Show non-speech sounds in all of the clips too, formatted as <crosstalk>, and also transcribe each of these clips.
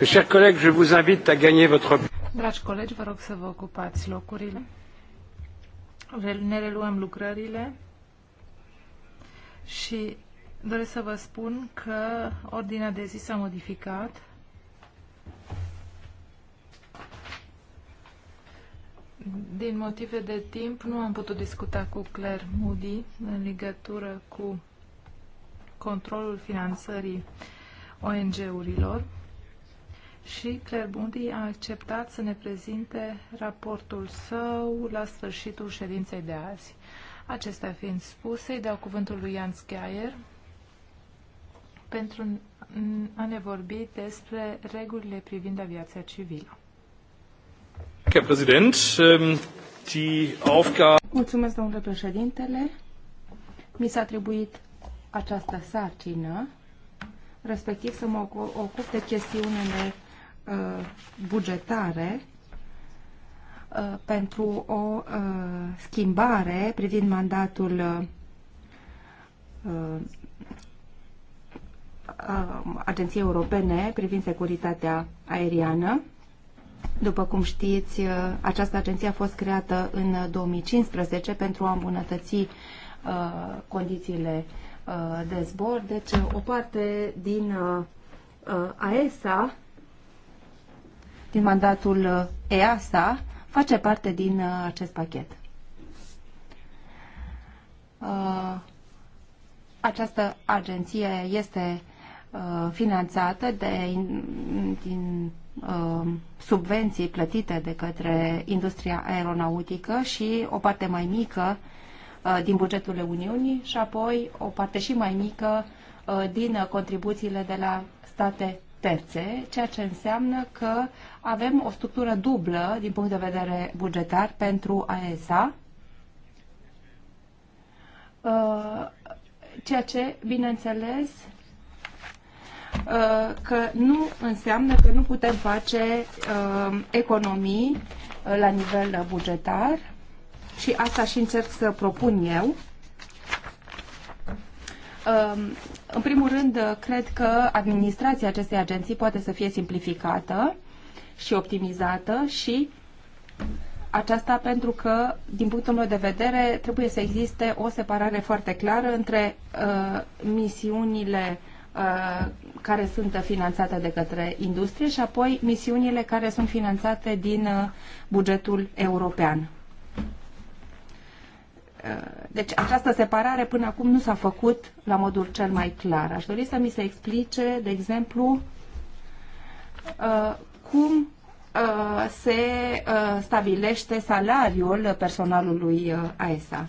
Dragi colegi, vă rog să vă ocupați locurile. Ne reluăm lucrările și doresc să vă spun că ordinea de zi s-a modificat. Din motive de timp nu am putut discuta cu Claire Moody în legătură cu controlul finanțării ONG-urilor și Claire Bundy a acceptat să ne prezinte raportul său la sfârșitul ședinței de azi. Acestea fiind spuse, îi dau cuvântul lui Jan Schaier pentru a ne vorbi despre regulile privind aviația civilă. Herr Präsident, ähm, die Aufgabe... Mulțumesc, domnule președintele. Mi s-a atribuit această sarcină, respectiv să mă ocup de chestiunile Uh, bugetare uh, pentru o uh, schimbare privind mandatul Agenției Europene privind securitatea aeriană. După cum știți, această agenție a fost creată în 2015 pentru a îmbunătăți condițiile de zbor. Deci, o parte din AESA din mandatul uh, EASA face parte din uh, acest pachet. Uh, această agenție este finanțată de, din subvenții plătite de către industria aeronautică și o parte mai mică din bugetul Uniunii și apoi o parte și mai mică din contribuțiile de la state terțe, ceea ce înseamnă că avem o structură dublă din punct de vedere bugetar pentru AESA, uh, ceea ce, bineînțeles, uh, că nu înseamnă că nu putem face uh, economii la nivel bugetar și asta și încerc să propun eu Um, în primul rând, cred că administrația acestei agenții poate să fie simplificată și optimizată și aceasta pentru că, din punctul meu de vedere, trebuie să existe o separare foarte clară între uh, misiunile uh, care sunt finanțate de către industrie și apoi misiunile care sunt finanțate din uh, bugetul european. Uh, deci această separare până acum nu s-a făcut la modul cel mai clar. Aș dori să mi se explice, de exemplu, uh, cum uh, se stabilește salariul personalului AESA.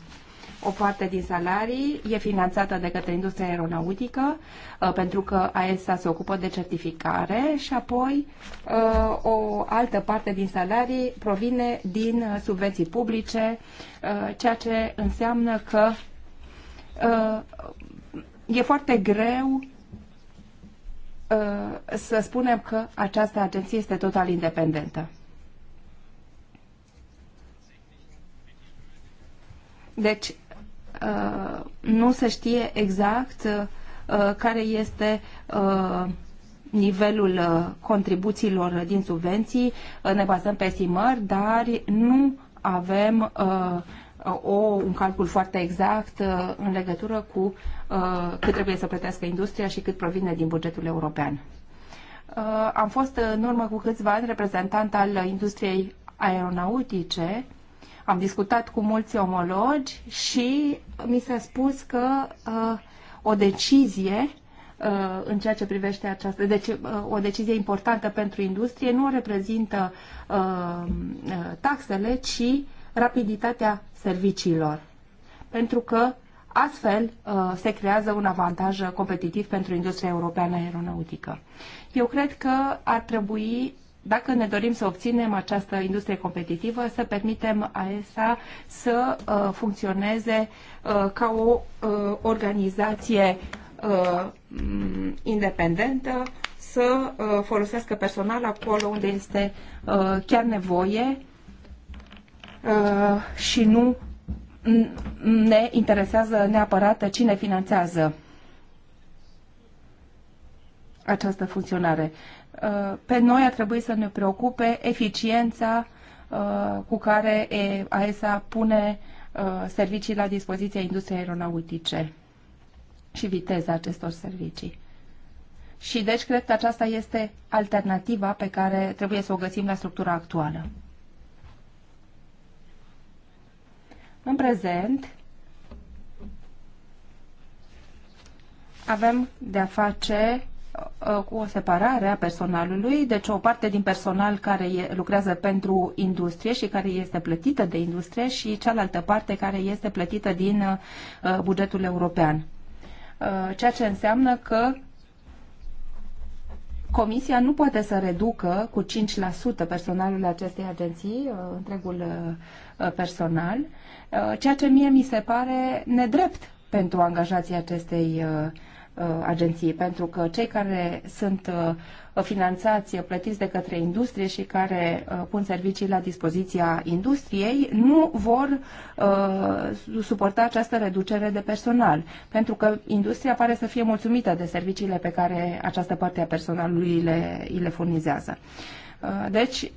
O parte din salarii e finanțată de către industria aeronautică, uh, pentru că AESA se ocupă de certificare și apoi uh, o altă parte din salarii provine din uh, subvenții publice, ceea ce înseamnă că e foarte greu să spunem că această agenție este total independentă. Deci, Uh, nu se știe exact uh, care este uh, nivelul contribuțiilor din subvenții, ne bazăm pe estimări, dar nu avem o, un calcul foarte exact în legătură cu cât trebuie să plătească industria și cât provine din bugetul european. Am fost în urmă cu câțiva ani reprezentant al industriei aeronautice am discutat cu mulți omologi și mi s-a spus că uh, o decizie uh, în ceea ce privește această, deci uh, o decizie importantă pentru industrie nu reprezintă uh, uh taxele, ci rapiditatea serviciilor. Pentru că astfel uh, se creează un avantaj competitiv pentru industria europeană aeronautică. Eu cred că ar trebui dacă ne dorim să obținem această industrie competitivă, să permitem AESA să uh, funcționeze uh, ca o uh, organizație independentă, să folosească personal acolo unde este chiar nevoie și nu ne interesează neapărat cine finanțează această funcționare. Uh, pe noi a trebuit să ne preocupe eficiența uh, cu care AESA pune uh, servicii la dispoziția industriei aeronautice și viteza acestor servicii. Și deci cred că aceasta este alternativa pe care trebuie să o găsim la structura actuală. În prezent avem de-a face Uh, cu o separare a personalului, deci o parte din personal care lucrează pentru industrie și care este plătită de industrie și cealaltă parte care este plătită din uh, bugetul european. Uh, ceea ce înseamnă că Comisia nu poate să reducă cu 5% personalul acestei agenții, întregul personal, ceea ce mie mi se pare nedrept pentru angajații acestei uh, Uh, agenții, pentru că cei care sunt uh, finanțați, uh, plătiți de către industrie și care pun servicii la dispoziția industriei, nu vor suporta această reducere de personal, pentru că industria pare să fie mulțumită de serviciile pe care această parte a personalului le, le furnizează. Deci,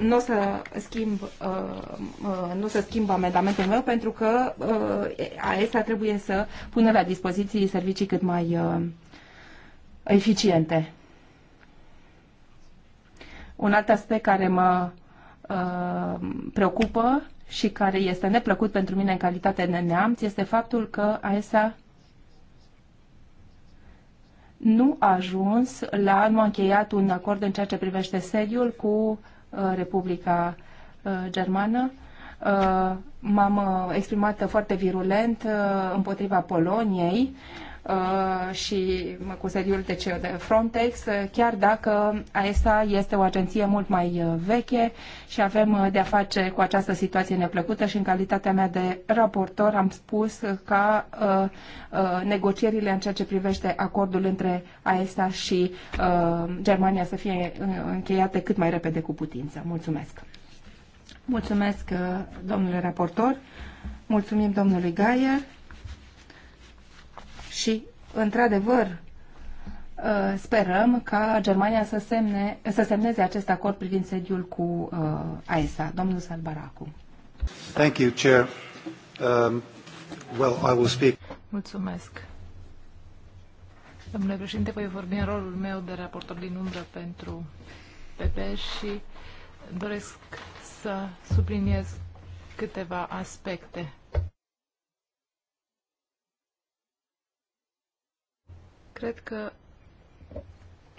nu o să schimb, uh, uh, nu o să schimb amendamentul meu pentru că AESA uh, trebuie să pună la dispoziție servicii cât mai eficiente. Un alt aspect care mă preocupă și care este neplăcut pentru mine în calitate de neamț este faptul că AESA nu a ajuns la, nu a încheiat un acord în ceea ce privește sediul cu uh, Uh, Republica uh, Germană. Uh, m-am exprimat foarte virulent împotriva Poloniei Uh, și cu sediul de CEO de Frontex, uh, chiar dacă AESA este o agenție mult mai uh, veche și avem de-a face cu această situație neplăcută și în calitatea mea de raportor am spus ca negocierile în ceea ce privește acordul între AESA și Germania să fie încheiate cât mai repede cu putință. Mulțumesc! Mulțumesc, domnule raportor. Mulțumim domnului Gaier și, într-adevăr, uh, sperăm ca Germania să, semne, să semneze acest acord privind sediul cu uh, AESA. Domnul Salbaracu. Thank you, Chair. Um, well, I will speak. Mulțumesc. Domnule președinte, voi vorbi în rolul meu de raportor din umbră pentru PP și doresc să subliniez câteva aspecte. Cred că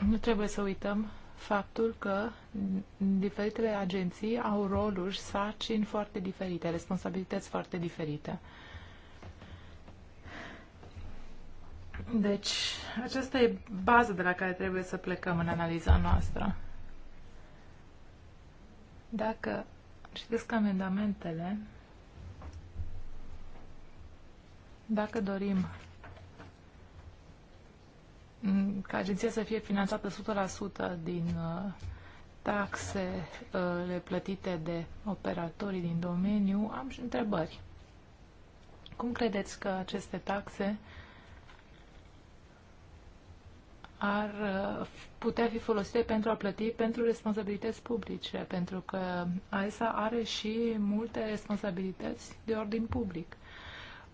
nu trebuie să uităm faptul că diferitele agenții au roluri, sarcini foarte diferite, responsabilități foarte diferite. Deci, aceasta e baza de la care trebuie să plecăm în analiza noastră. Dacă citesc amendamentele, dacă dorim ca agenția să fie finanțată 100% din uh, taxele plătite de operatorii din domeniu, am și întrebări. Cum credeți că aceste taxe ar uh, putea fi folosite pentru a plăti pentru responsabilități publice, pentru că AESA are și multe responsabilități de ordin public.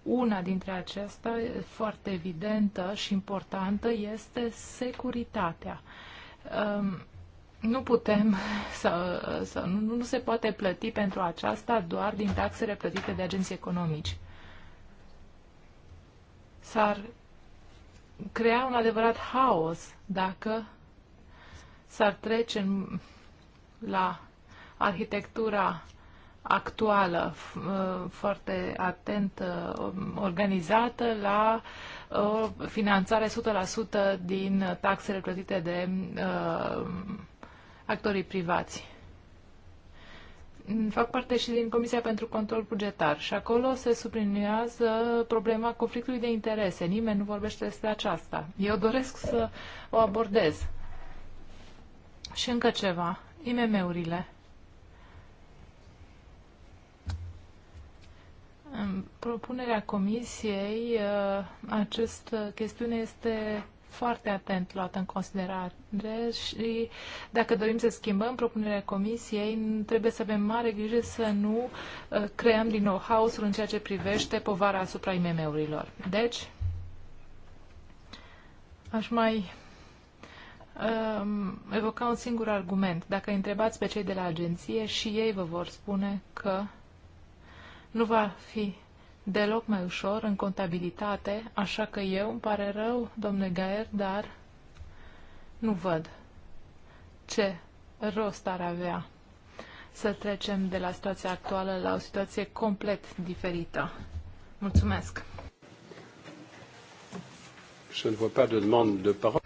Una dintre acestea, foarte evidentă și importantă, este securitatea. Um, nu putem, <laughs> să, să, nu, nu se poate plăti pentru aceasta doar din taxele plătite de agenții economici. S-ar crea un adevărat haos dacă s-ar trece în, la arhitectura actuală, uh, foarte atent uh, organizată la o uh, finanțare 100% din taxele plătite de uh, actorii privați. Fac parte și din Comisia pentru Control Bugetar și acolo se subliniază problema conflictului de interese. Nimeni nu vorbește despre aceasta. Eu doresc să o abordez. Și încă ceva. IMM-urile. În propunerea comisiei, uh, această chestiune este foarte atent luată în considerare și dacă dorim să schimbăm propunerea comisiei, trebuie să avem mare grijă să nu uh, creăm din nou haosul în ceea ce privește povara asupra IMM-urilor. Deci, aș mai um, evoca un singur argument. Dacă întrebați pe cei de la agenție și ei vă vor spune că nu va fi deloc mai ușor în contabilitate, așa că eu îmi pare rău, domnule Gaer, dar nu văd ce rost ar avea să trecem de la situația actuală la o situație complet diferită. Mulțumesc! Je ne vois pas de demande de parole.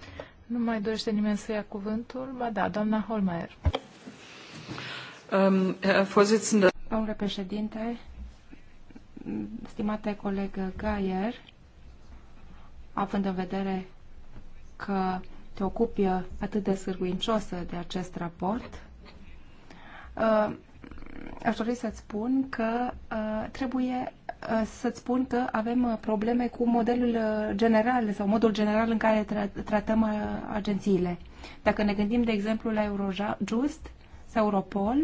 Nu mai dorește nimeni să ia cuvântul? Ba da, doamna Holmeier. Um, Domnule președinte, stimate coleg Gaier, având în vedere că te ocupi atât de sârguincioasă de acest raport, uh, aș dori să-ți spun că uh, trebuie uh, să-ți spun că avem probleme cu modelul general sau modul general în care tra- tratăm agențiile. Dacă ne gândim, de exemplu, la Eurojust sau Europol,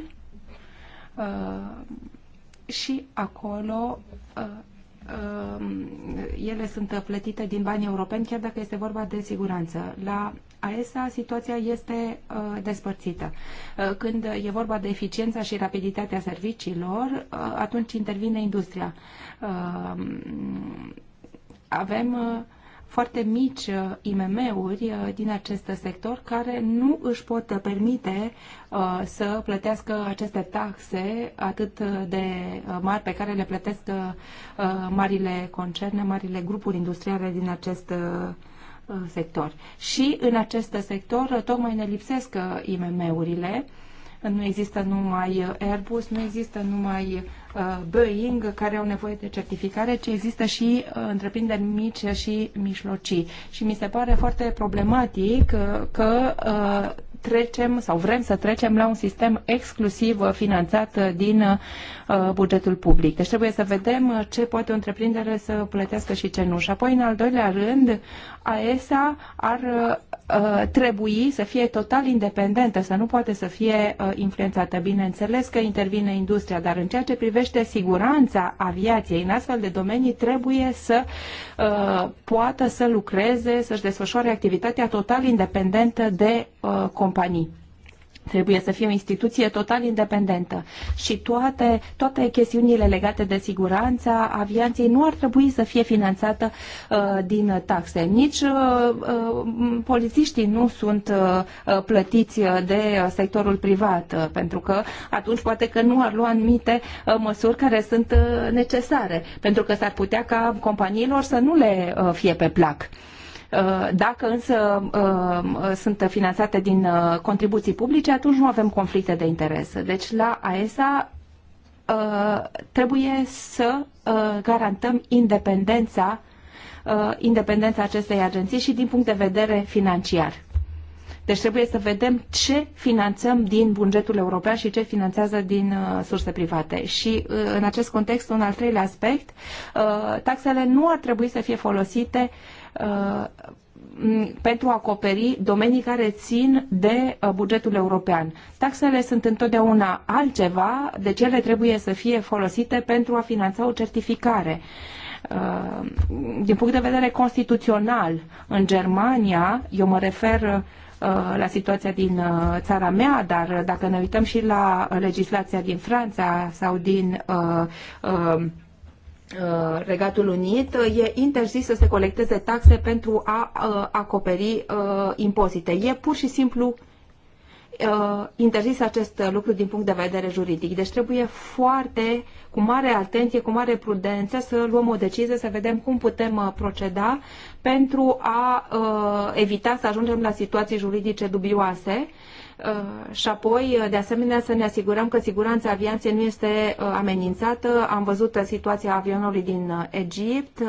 și acolo uh, um, ele sunt plătite din bani europeni, chiar dacă este vorba de siguranță. La AESA situația este uh, despărțită. Uh, când e vorba de eficiența și rapiditatea serviciilor, atunci intervine industria. Avem foarte mici uh, IMM-uri uh, din acest sector care nu își pot permite uh, să plătească aceste taxe atât de mari pe care le plătesc marile concerne, marile grupuri industriale din acest sector. Și în acest sector tocmai ne lipsesc IMM-urile. Nu există numai Airbus, nu există numai Uh, Boeing care au nevoie de certificare, ci există și uh, întreprinderi mici și mijlocii. Și mi se pare foarte problematic uh, că trecem sau vrem să trecem la un sistem exclusiv finanțat din uh, bugetul public. Deci trebuie să vedem uh, ce poate o întreprindere să plătească și ce nu. Și apoi, în al doilea rând, AESA ar uh, trebui să fie total independentă, să nu poate să fie influențată. Bineînțeles că intervine industria, dar în ceea ce privește siguranța aviației în astfel de domenii, trebuie să poată să lucreze, să-și desfășoare activitatea total independentă de Uh, companii. Trebuie să fie o instituție total independentă și toate, toate chestiunile legate de siguranța avianței nu ar trebui să fie finanțată uh, din taxe. Nici uh, uh polițiștii nu sunt uh, uh, plătiți de sectorul privat, uh, pentru că atunci poate că nu ar lua anumite uh, măsuri care sunt uh, necesare, pentru că s-ar putea ca companiilor să nu le uh, fie pe plac. Uh, Uh, dacă însă uh, sunt finanțate din uh, contribuții publice, atunci nu avem conflicte de interes. Deci la AESA trebuie să garantăm independența independența acestei agenții și din punct de vedere financiar. Deci trebuie să vedem ce finanțăm din bugetul european și ce finanțează din uh, surse private. Și uh, în acest context, un al treilea aspect, uh, taxele nu ar trebui să fie folosite uh, Uh, pentru a acoperi domenii care țin de uh, bugetul european. Taxele sunt întotdeauna altceva, de deci ele trebuie să fie folosite pentru a finanța o certificare. Uh, din punct de vedere constituțional, în Germania, eu mă refer la situația din țara mea, dar dacă ne uităm și la legislația din Franța sau din uh, uh, Uh, Regatul Unit, uh, e interzis să se colecteze taxe pentru a uh, acoperi impozite. E pur și simplu interzis acest lucru din punct de vedere juridic. Deci trebuie foarte, cu mare atenție, cu mare prudență să luăm o decizie, să vedem cum putem proceda pentru a evita să ajungem la situații juridice dubioase Uh, și apoi, uh, de asemenea, să ne asigurăm că siguranța aviației nu este uh, amenințată. Am văzut situația avionului din Egipt.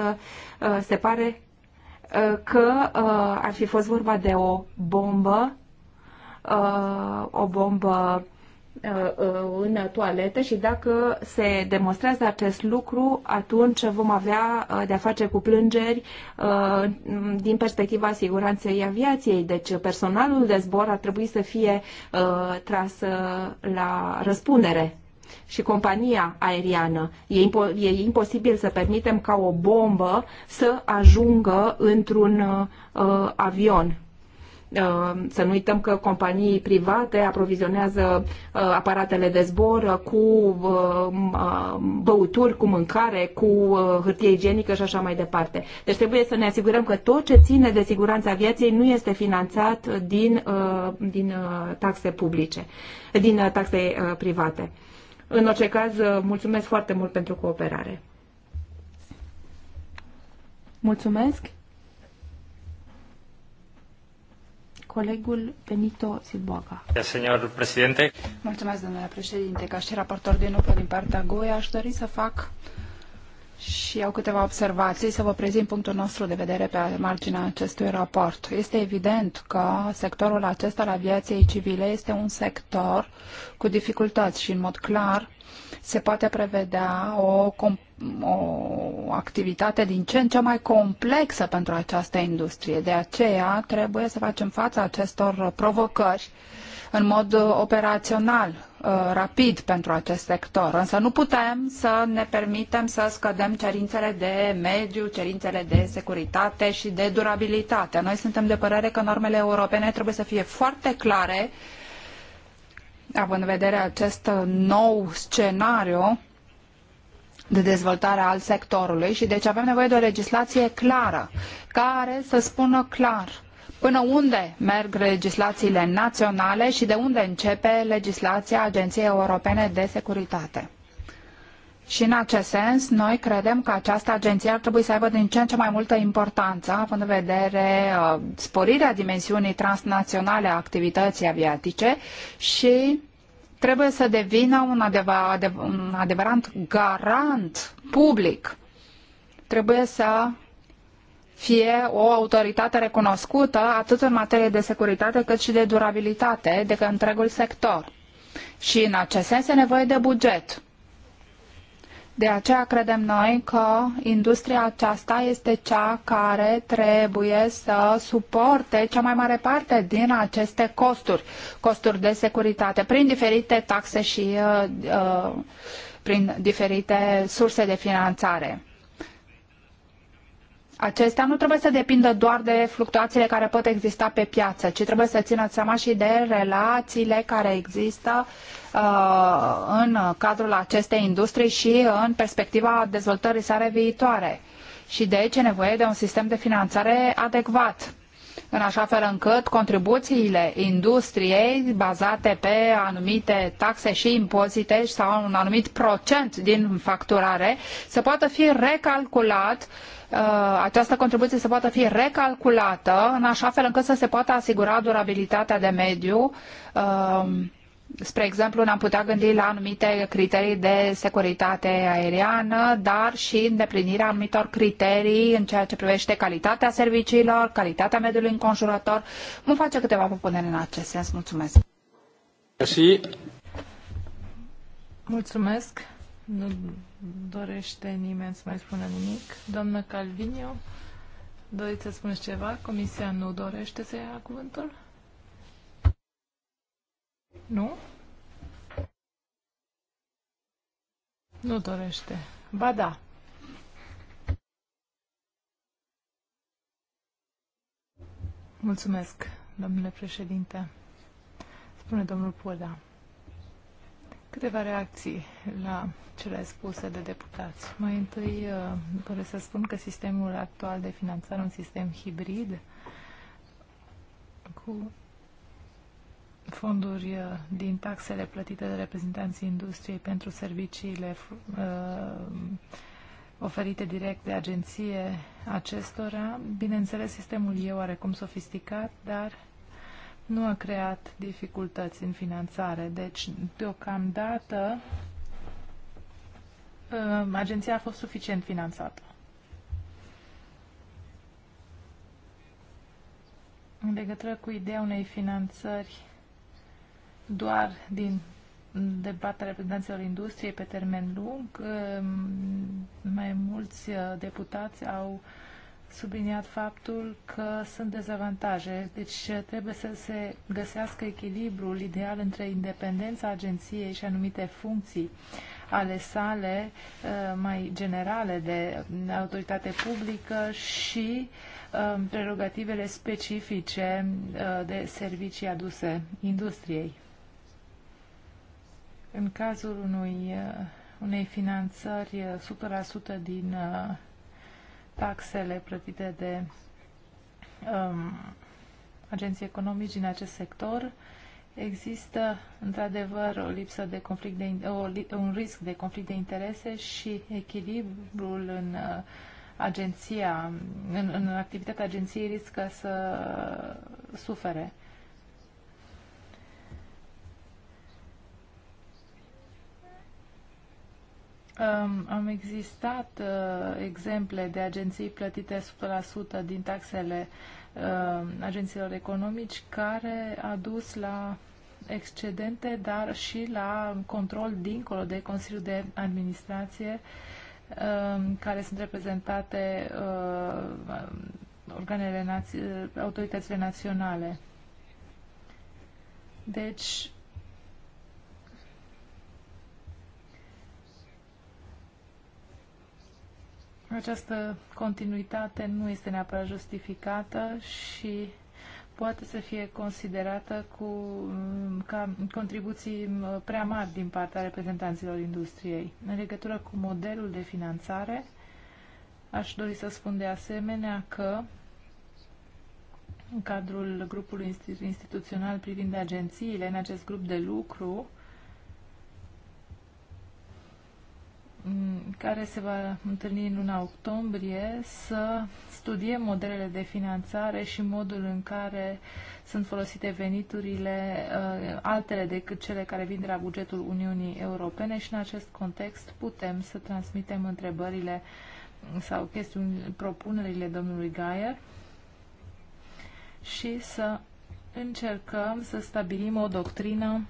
Se pare că ar fi fost vorba de o bombă, o bombă Uh, în toaletă și dacă se demonstrează acest lucru, atunci vom avea uh, de-a face cu plângeri uh, din perspectiva siguranței aviației. Deci personalul de zbor ar trebui să fie tras la răspundere și compania aeriană. E, impo- e imposibil să permitem ca o bombă să ajungă într-un uh, avion Uh, să nu uităm că companii private aprovizionează uh, aparatele de zbor uh, cu băuturi, cu mâncare, cu hârtie igienică și așa mai departe. Deci trebuie să ne asigurăm că tot ce ține de siguranța vieții nu este finanțat din, din taxe publice, din taxe private. În orice caz, mulțumesc foarte mult pentru cooperare. Mulțumesc. colegul Benito Silboaga. Mulțumesc, domnule președinte. Ca și raportor din UPA din partea GUE, aș dori să fac și au câteva observații să vă prezint punctul nostru de vedere pe marginea acestui raport. Este evident că sectorul acesta al aviației civile este un sector cu dificultăți și, în mod clar, se poate prevedea o, o activitate din ce în ce mai complexă pentru această industrie. De aceea trebuie să facem față acestor provocări uh, în mod uh, operațional uh, rapid pentru acest sector, însă nu putem să ne permitem să scădem cerințele de mediu, cerințele de securitate și de durabilitate. Noi suntem de părere că normele europene trebuie să fie foarte clare, având în vedere acest uh, nou scenariu de dezvoltare al sectorului și deci avem nevoie de o legislație clară, care să spună clar până unde merg legislațiile naționale și de unde începe legislația Agenției Europene de Securitate. Și în acest sens, noi credem că această agenție ar trebui să aibă din ce în ce mai multă importanță, având în vedere uh, sporirea dimensiunii transnaționale a activității aviatice și trebuie să devină un, adev un adevărat garant public. Trebuie să fie o autoritate recunoscută atât în materie de securitate cât și de durabilitate de către întregul sector. Și în acest sens e nevoie de buget. De aceea credem noi că industria aceasta este cea care trebuie să suporte cea mai mare parte din aceste costuri, costuri de securitate, prin diferite taxe și uh, uh prin diferite surse de finanțare acestea nu trebuie să depindă doar de fluctuațiile care pot exista pe piață, ci trebuie să țină seama și de relațiile care există uh, în cadrul acestei industrii și în perspectiva dezvoltării sale viitoare. Și deci e nevoie de un sistem de finanțare adecvat în așa fel încât contribuțiile industriei bazate pe anumite taxe și impozite sau un anumit procent din facturare să poată fi recalculat uh, Uh, această contribuție să poată fi recalculată în așa fel încât să se poată asigura durabilitatea de mediu. Uh, spre exemplu, ne-am putea gândi la anumite criterii de securitate aeriană, dar și îndeplinirea anumitor criterii în ceea ce privește calitatea serviciilor, calitatea mediului înconjurător. Vom face câteva propuneri în acest sens. Mulțumesc! Mulțumesc! dorește nimeni să mai spună nimic. Doamna Calvinio, doriți să spuneți ceva? Comisia nu dorește să ia cuvântul? Nu? Nu dorește. Ba da. Mulțumesc, domnule președinte. Spune domnul Poda. Câteva reacții la cele spuse de deputați. Mai întâi uh, doresc să spun că sistemul actual de finanțare, un sistem hibrid cu fonduri uh, din taxele plătite de reprezentanții industriei pentru serviciile uh, oferite direct de agenție acestora. Bineînțeles, sistemul e oarecum sofisticat, dar nu a creat dificultăți în finanțare. Deci, deocamdată, uh, agenția a fost suficient finanțată. În legătură cu ideea unei finanțări doar din debaterea reprezentanților industriei pe termen lung, uh, mai mulți uh, deputați au uh, subliniat faptul că sunt dezavantaje, deci trebuie să se găsească echilibrul ideal între independența agenției și anumite funcții ale sale uh, mai generale de autoritate publică și um, prerogativele specifice uh, de servicii aduse industriei. În cazul unui, uh, unei finanțări 100% din taxele plătite de um, agenții economici din acest sector, există într-adevăr o lipsă de conflict de, o, un risc de conflict de interese și echilibrul în uh, agenția, în, în activitatea agenției riscă să sufere. Um, am existat uh, exemple de agenții plătite 100% din taxele uh, agențiilor economici care a dus la excedente, dar și la control dincolo de Consiliul de Administrație uh, care sunt reprezentate uh, organele naț uh, autoritățile naționale. Deci, Această continuitate nu este neapărat justificată și poate să fie considerată cu, mm, ca contribuții mm, prea mari din partea reprezentanților industriei. În legătură cu modelul de finanțare, aș dori să spun de asemenea că în cadrul grupului instituțional privind agențiile, în acest grup de lucru, care se va întâlni în luna octombrie, să studiem modelele de finanțare și modul în care sunt folosite veniturile uh, altele decât cele care vin de la bugetul Uniunii Europene și în acest context putem să transmitem întrebările sau chestiuni, propunerile domnului Gaier și să încercăm să stabilim o doctrină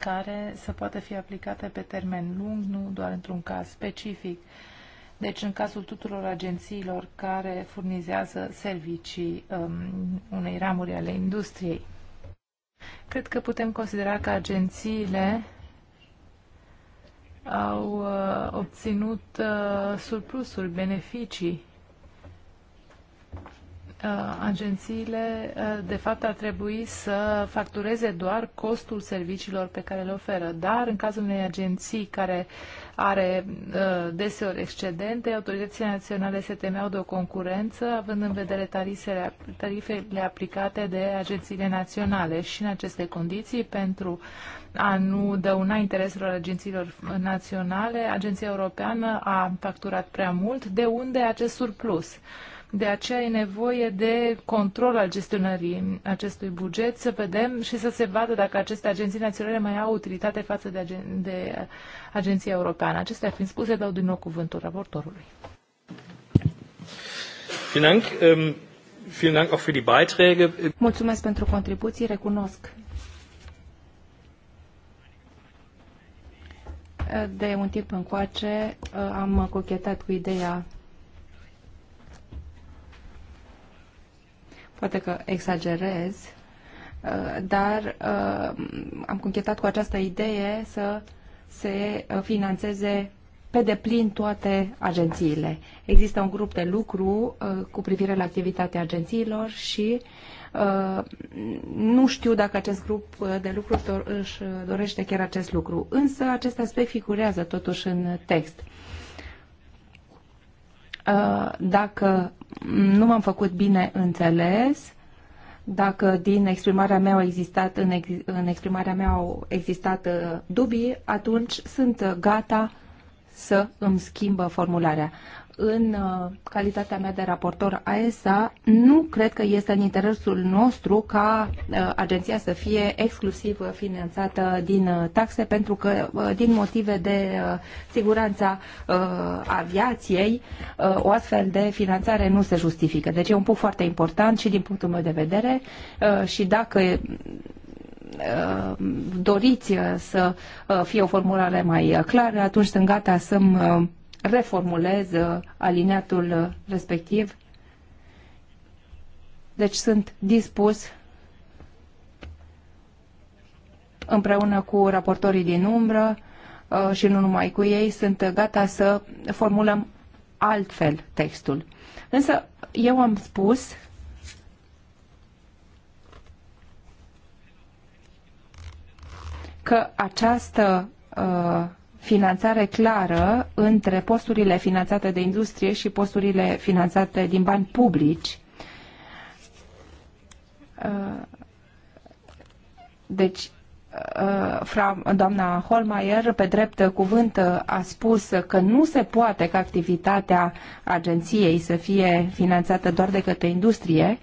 care să poată fi aplicate pe termen lung, nu doar într-un caz specific. Deci, în cazul tuturor agențiilor care furnizează servicii um, unei ramuri ale industriei. Cred că putem considera că agențiile au uh, obținut uh, surplusuri, beneficii Uh, agențiile, uh, de fapt, ar trebui să factureze doar costul serviciilor pe care le oferă. Dar, în cazul unei agenții care are uh, deseori excedente, autoritățile naționale se temeau de o concurență, având în vedere tarifele, aplicate de agențiile naționale. Și, în aceste condiții, pentru a nu dăuna intereselor agențiilor naționale, Agenția Europeană a facturat prea mult, de unde acest surplus. De aceea e nevoie de control al gestionării acestui buget, să vedem și să se vadă dacă aceste agenții naționale mai au utilitate față de, agen- de agenția europeană. Acestea fiind spuse, dau din nou cuvântul raportorului. Ähm, Mulțumesc pentru contribuții, recunosc de un timp încoace am cochetat cu ideea Poate că exagerez, uh, dar uh, am conchetat cu această idee să se uh, financeze pe deplin toate agențiile. Există un grup de lucru cu privire la activitatea agențiilor și nu știu dacă acest grup de lucru își dorește chiar acest lucru, însă acest aspect figurează totuși în text. Uh, dacă nu m-am făcut bine înțeles, dacă din exprimarea mea au existat, în, ex, în exprimarea mea au existat uh, dubii, atunci sunt gata să îmi schimbă formularea în uh, calitatea mea de raportor AESA, nu cred că este în interesul nostru ca uh, agenția să fie exclusiv finanțată din uh, taxe, pentru că din motive de siguranța aviației, o astfel de finanțare nu se justifică. Deci e un punct foarte important și din punctul meu de vedere și dacă doriți să fie o formulare mai clară, atunci sunt gata să-mi reformulez uh, alineatul uh, respectiv. Deci sunt dispus împreună cu raportorii din umbră uh, și nu numai cu ei, sunt gata să formulăm altfel textul. Însă eu am spus că această uh, finanțare clară între posturile finanțate de industrie și posturile finanțate din bani publici. Uh, deci, uh, doamna Holmeier, pe drept cuvânt, a spus că nu se poate ca activitatea agenției să fie finanțată doar de către industrie,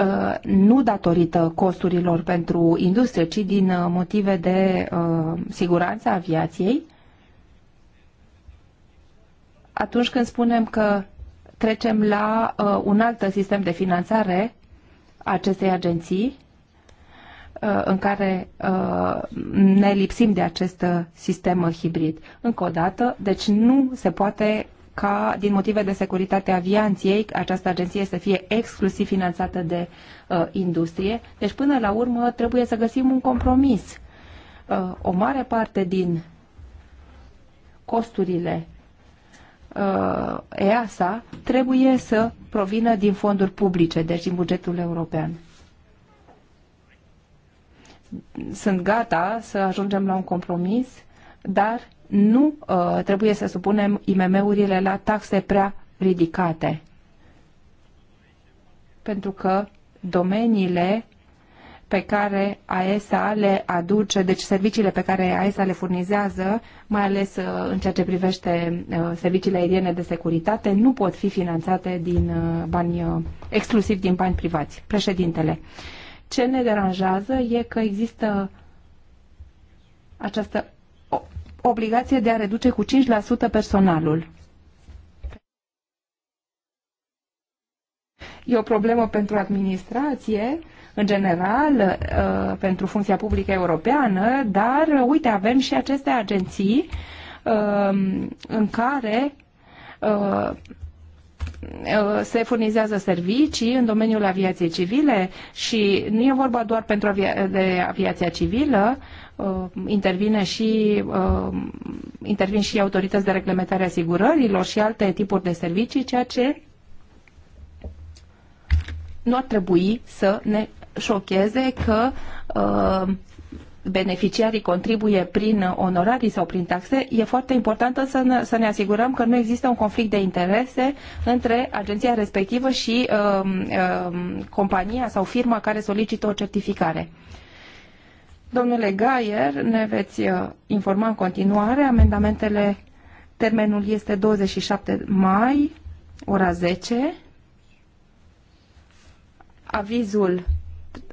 Uh, nu datorită costurilor pentru industrie, ci din uh, motive de uh, siguranță a aviației, atunci când spunem că trecem la un alt sistem de finanțare a acestei agenții, în care ne lipsim de acest sistem hibrid. Încă o dată, deci nu se poate ca, din motive de securitate avianției, această agenție să fie exclusiv finanțată de uh, industrie. Deci, până la urmă, trebuie să găsim un compromis. Uh, o mare parte din costurile uh, EASA trebuie să provină din fonduri publice, deci din bugetul european. Sunt gata să ajungem la un compromis, dar nu uh, trebuie să supunem IMM-urile la taxe prea ridicate. Pentru că domeniile pe care AESA le aduce, deci serviciile pe care AESA le furnizează, mai ales uh, în ceea ce privește uh, serviciile aeriene de securitate, nu pot fi finanțate din uh, bani, exclusiv din bani privați. Președintele, ce ne deranjează e că există această obligație de a reduce cu 5% personalul. E o problemă pentru administrație, în general, uh, pentru funcția publică europeană, dar, uh, uite, avem și aceste agenții uh, în care se furnizează servicii în domeniul aviației civile și nu e vorba doar pentru avia- de aviația civilă, intervine și, intervin și autorități de reglementare a asigurărilor și alte tipuri de servicii, ceea ce nu ar trebui să ne șocheze că beneficiarii contribuie prin onorarii sau prin taxe, e foarte important să ne, să ne asigurăm că nu există un conflict de interese între agenția respectivă și uh, uh, compania sau firma care solicită o certificare. Domnule Gaier, ne veți uh, informa în continuare. Amendamentele, termenul este 27 mai, ora 10. Avizul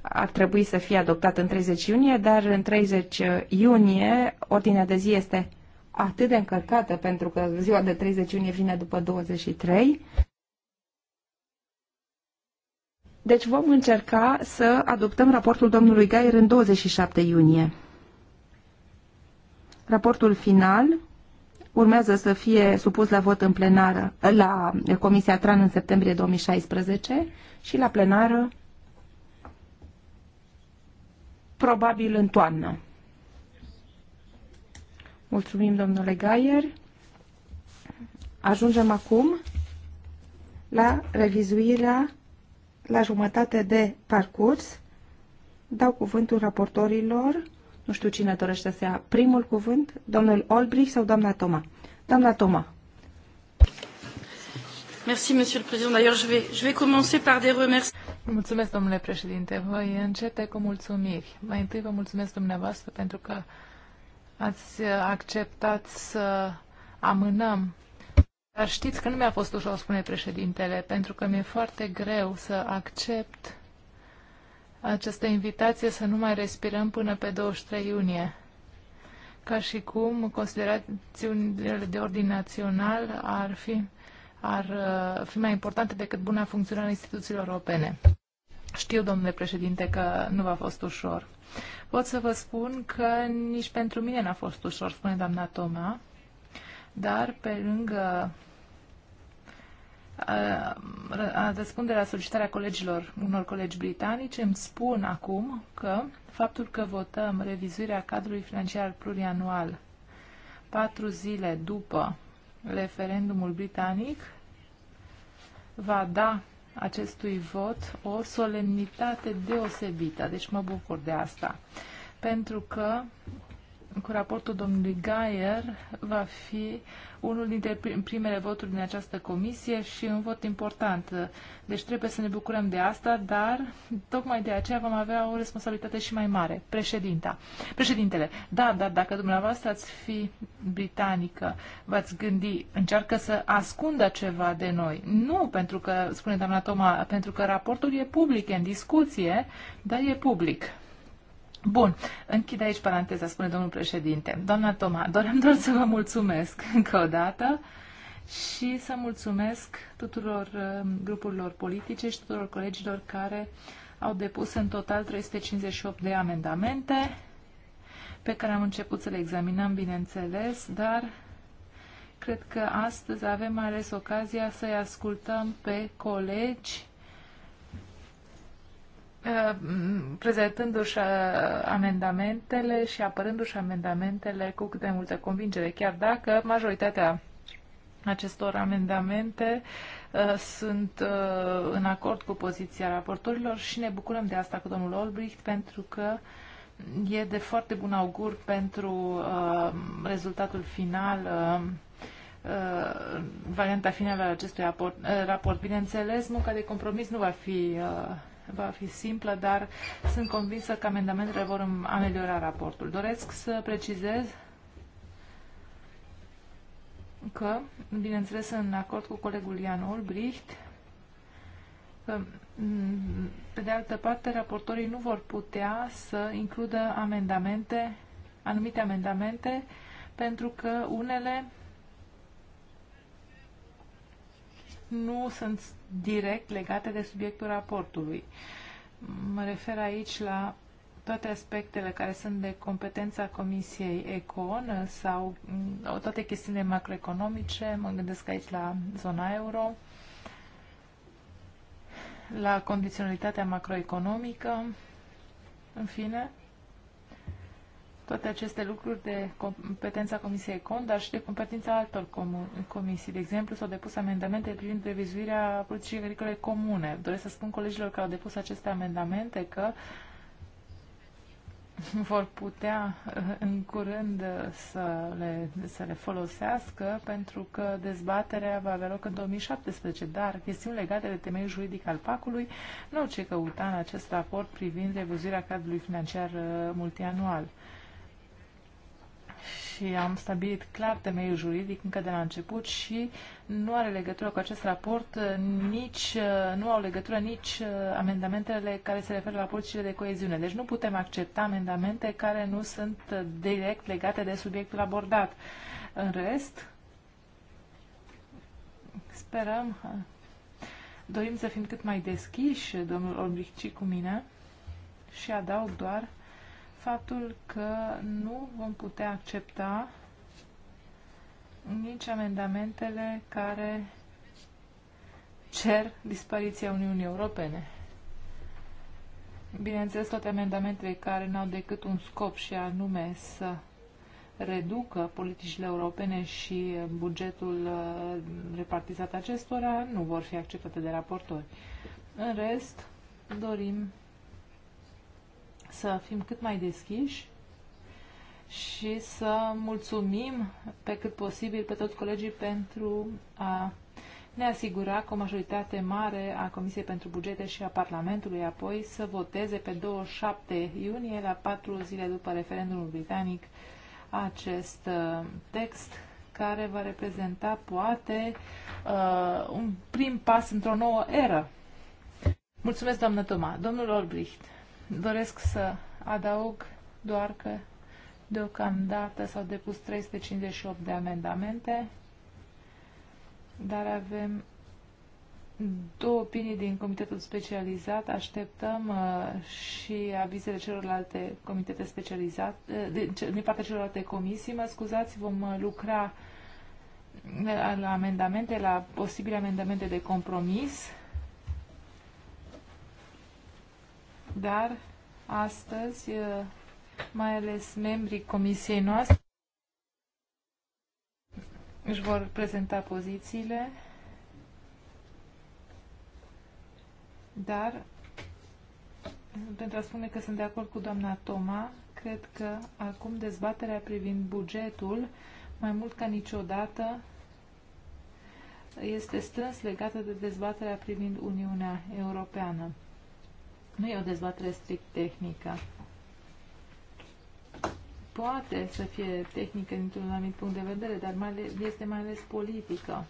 ar trebui să fie adoptat în 30 iunie, dar în 30 iunie ordinea de zi este atât de încărcată pentru că ziua de 30 iunie vine după 23. Deci vom încerca să adoptăm raportul domnului Gaier în 27 iunie. Raportul final urmează să fie supus la vot în plenară, la Comisia Tran în septembrie 2016 și la plenară probabil în toamnă. Mulțumim, domnule Gaier. Ajungem acum la revizuirea la jumătate de parcurs. Dau cuvântul raportorilor. Nu știu cine dorește să ia primul cuvânt, domnul Olbrich sau doamna Toma. Doamna Toma. Merci, Monsieur le Président. D'ailleurs, je vais, je vais commencer par des remerciements. Mulțumesc, domnule președinte. Voi începe cu mulțumiri. Mai întâi vă mulțumesc dumneavoastră pentru că ați acceptat să amânăm. Dar știți că nu mi-a fost ușor, spune președintele, pentru că mi-e foarte greu să accept această invitație să nu mai respirăm până pe 23 iunie. Ca și cum considerațiunile de ordin național ar fi ar uh, fi mai importante decât buna funcționare instituțiilor europene. Știu, domnule președinte, că nu v-a fost ușor. Pot să vă spun că nici pentru mine n-a fost ușor, spune doamna Toma, dar pe lângă uh, a răspunde la solicitarea colegilor, unor colegi britanici, îmi spun acum că faptul că votăm revizuirea cadrului financiar plurianual patru zile după referendumul britanic va da acestui vot o solemnitate deosebită. Deci mă bucur de asta. Pentru că cu raportul domnului Gaier va fi unul dintre primele voturi din această comisie și un vot important. Deci trebuie să ne bucurăm de asta, dar tocmai de aceea vom avea o responsabilitate și mai mare. Președinta. Președintele, da, dar dacă dumneavoastră ați fi britanică, v-ați gândi, încearcă să ascundă ceva de noi. Nu pentru că, spune doamna Toma, pentru că raportul e public, e în discuție, dar e public. Bun, închid aici paranteza, spune domnul președinte. Doamna Toma, doream doar să vă mulțumesc <laughs> încă o dată și să mulțumesc tuturor um, grupurilor politice și tuturor colegilor care au depus în total 358 de amendamente pe care am început să le examinăm, bineînțeles, dar cred că astăzi avem mai ales ocazia să-i ascultăm pe colegi prezentându-și uh, amendamentele și apărându-și amendamentele cu cât de multă convingere, chiar dacă majoritatea acestor amendamente uh, sunt uh, în acord cu poziția raportorilor și ne bucurăm de asta cu domnul Olbricht pentru că e de foarte bun augur pentru rezultatul final varianta finală a acestui raport. Bineînțeles, munca de compromis nu va fi va fi simplă, dar sunt convinsă că amendamentele vor ameliora raportul. Doresc să precizez că, bineînțeles, în acord cu colegul Ian Olbricht, că, mm, pe de altă parte, raportorii nu vor putea să includă amendamente, anumite amendamente, pentru că unele nu sunt direct legate de subiectul raportului. Mă refer aici la toate aspectele care sunt de competența Comisiei Econ sau mm, toate chestiunile macroeconomice, mă gândesc aici la zona euro, la condiționalitatea macroeconomică, în fine, toate aceste lucruri de competența Comisiei Cont, dar și de competența altor comisii. De exemplu, s-au depus amendamente privind revizuirea politicii agricole comune. Doresc să spun colegilor care au depus aceste amendamente că <laughs> vor putea uh, în curând uh, să le, să le folosească pentru că dezbaterea va avea loc în 2017, dar chestiuni legate de temeiul juridic al pacului nu ce căuta în acest raport privind revizuirea cadrului financiar uh, multianual și am stabilit clar temeiul juridic încă de la început și nu are legătură cu acest raport uh, nici, uh, nu au legătură nici uh, amendamentele care se referă la politicile de coeziune. Deci nu putem accepta amendamente care nu sunt direct legate de subiectul abordat. În rest, sperăm, dorim să fim cât mai deschiși, domnul Olbricci, cu mine și adaug doar faptul că nu vom putea accepta nici amendamentele care cer dispariția Uniunii Europene. Bineînțeles, toate amendamentele care n-au decât un scop și anume să reducă politicile europene și bugetul uh, repartizat acestora nu vor fi acceptate de raportori. În rest, dorim să fim cât mai deschiși și să mulțumim pe cât posibil pe toți colegii pentru a ne asigura că o majoritate mare a Comisiei pentru Bugete și a Parlamentului apoi să voteze pe 27 iunie, la patru zile după referendumul britanic, acest uh, text care va reprezenta poate uh, un prim pas într-o nouă eră. Mulțumesc, doamnă Toma. Domnul Olbricht. Doresc să adaug doar că deocamdată s-au depus 358 de amendamente, dar avem două opinii din comitetul specializat. Așteptăm uh, și avizele celorlalte comitete specializate, uh, din, din partea celorlalte comisii, mă scuzați, vom uh, lucra uh, la amendamente, la posibile amendamente de compromis dar astăzi, eh, mai ales membrii comisiei noastre, își vor prezenta pozițiile, dar pentru a spune că sunt de acord cu doamna Toma, cred că acum dezbaterea privind bugetul, mai mult ca niciodată, este strâns legată de dezbaterea privind Uniunea Europeană. Nu e o dezbatere strict tehnică. Poate să fie tehnică dintr-un anumit punct de vedere, dar mai ales, este mai ales politică.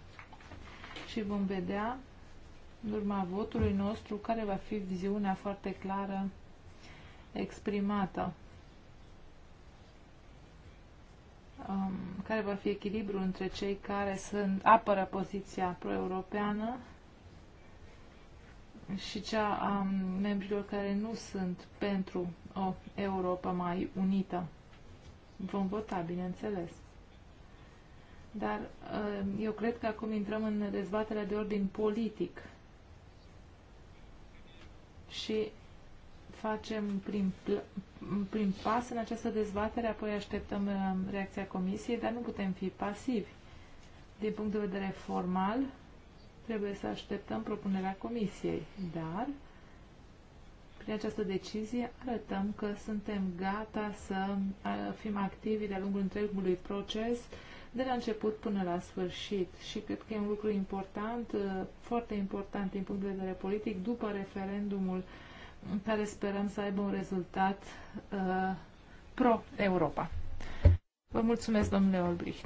Și vom vedea, în urma votului nostru, care va fi viziunea foarte clară exprimată. Um, care va fi echilibrul între cei care sunt, apără poziția pro-europeană și cea a membrilor care nu sunt pentru o Europa mai unită. Vom vota, bineînțeles. Dar uh, eu cred că acum intrăm în dezbaterea de ordin politic și facem prin, prin pas în această dezbatere, apoi așteptăm uh, reacția comisiei, dar nu putem fi pasivi. Din punct de vedere formal, Trebuie să așteptăm propunerea comisiei, dar prin această decizie arătăm că suntem gata să fim activi de-a lungul întregului proces, de la început până la sfârșit. Și cred că e un lucru important, uh, foarte important din punct de vedere politic, după referendumul care sperăm să aibă un rezultat uh, pro-Europa. Vă mulțumesc, domnule Olbricht,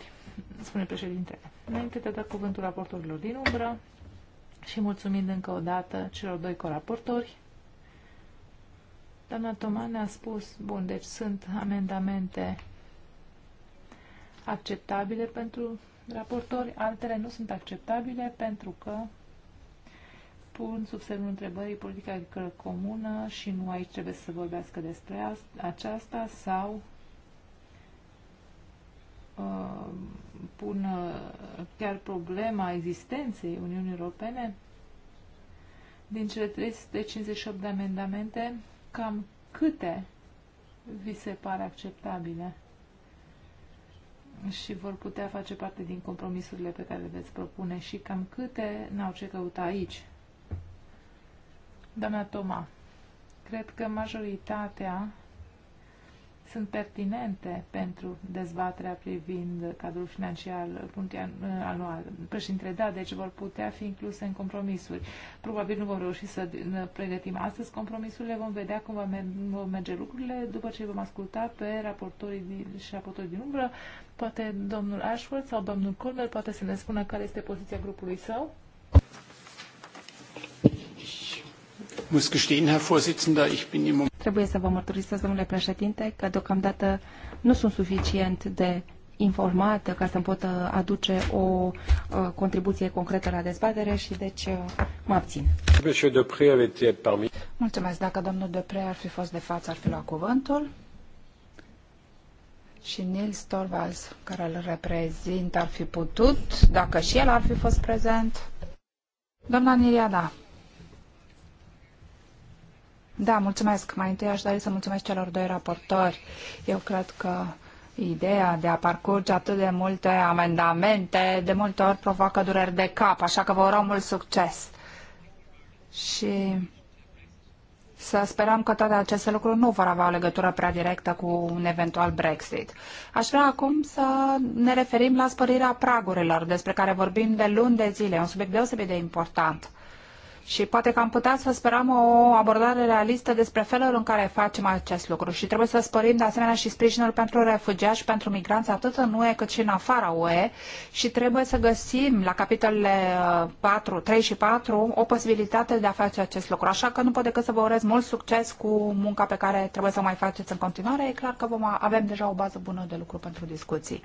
spune președintele. Înainte de a da cuvântul raportorilor din umbră, și mulțumind încă o dată celor doi coraportori. Doamna Toma ne-a spus, bun, deci sunt amendamente acceptabile pentru raportori, altele nu sunt acceptabile pentru că pun sub semnul întrebării politica agricolă comună și nu aici trebuie să vorbească despre aceasta sau Uh, pun uh, chiar problema existenței Uniunii Europene, din cele 358 de amendamente, cam câte vi se pare acceptabile și vor putea face parte din compromisurile pe care le veți propune și cam câte n-au ce căuta aici. Doamna Toma, cred că majoritatea sunt pertinente pentru dezbaterea privind cadrul financiar anual. Președintele, da, deci vor putea fi incluse în compromisuri. Probabil nu vom reuși să pregătim astăzi compromisurile, vom vedea cum vor merge lucrurile după ce vom asculta pe raportorii și raportorii din umbră. Poate domnul Ashworth sau domnul Colmer poate să ne spună care este poziția grupului său. Ich muss gestehen, Herr Vorsitzender, ich bin im Moment Trebuie să vă mărturisesc, domnule președinte, că deocamdată nu sunt suficient de informată ca să-mi pot uh, aduce o uh, contribuție concretă la dezbatere și deci uh, mă abțin. Mulțumesc. Dacă domnul Depre ar fi fost de față, ar fi luat cuvântul. Și Nils Torvalds, care îl reprezintă, ar fi putut, dacă și el ar fi fost prezent. Doamna Niriada, da, mulțumesc. Mai întâi aș dori să mulțumesc celor doi raportori. Eu cred că ideea de a parcurge atât de multe amendamente de multe ori provoacă dureri de cap, așa că vă urăm mult succes. Și să sperăm că toate aceste lucruri nu vor avea o legătură prea directă cu un eventual Brexit. Aș vrea acum să ne referim la spărirea pragurilor, despre care vorbim de luni de zile, un subiect deosebit de important. Și poate că am putea să sperăm o abordare realistă despre felul în care facem acest lucru. Și trebuie să spărim de asemenea și sprijinul pentru refugiați pentru migranți, atât în UE cât și în afara UE. Și trebuie să găsim la capitolele 4, uh, 3 și 4 o posibilitate de a face acest lucru. Așa că nu pot decât să vă urez mult succes cu munca pe care trebuie să o mai faceți în continuare. E clar că vom avem deja o bază bună de lucru pentru discuții.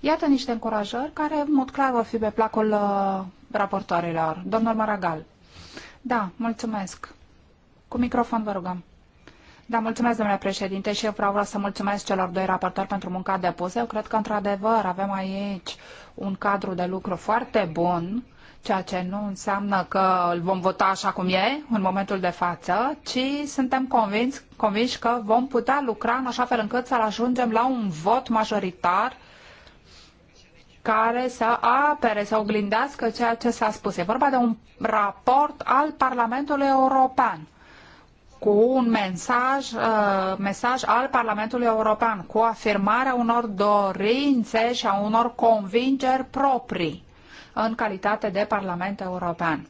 Iată niște încurajări care, în mod clar, vor fi pe placul uh, raportoarelor. Domnul Maragal. Da, mulțumesc. Cu microfon vă rugăm. Da, mulțumesc, domnule președinte, și eu vreau să mulțumesc celor doi raportori pentru munca depusă. Eu cred că, într-adevăr, avem aici un cadru de lucru foarte bun, ceea ce nu înseamnă că îl vom vota așa cum e în momentul de față, ci suntem convinți, convinși că vom putea lucra în așa fel încât să ajungem la un vot majoritar care să apere, să oglindească ceea ce s-a spus. E vorba de un raport al Parlamentului European cu un mesaj, uh, mesaj al Parlamentului European, cu afirmarea unor dorințe și a unor convingeri proprii în calitate de Parlament European.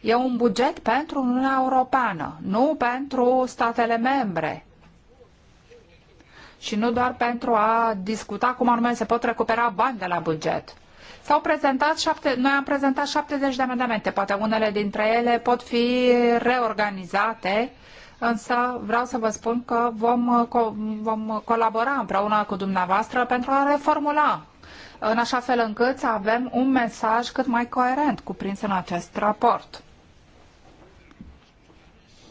E un buget pentru Uniunea Europeană, nu pentru statele membre și nu doar pentru a discuta cum anume se pot recupera bani de la buget. S-au prezentat șapte, noi am prezentat 70 de amendamente, poate unele dintre ele pot fi reorganizate, însă vreau să vă spun că vom, vom colabora împreună cu dumneavoastră pentru a reformula în așa fel încât să avem un mesaj cât mai coerent cuprins în acest raport.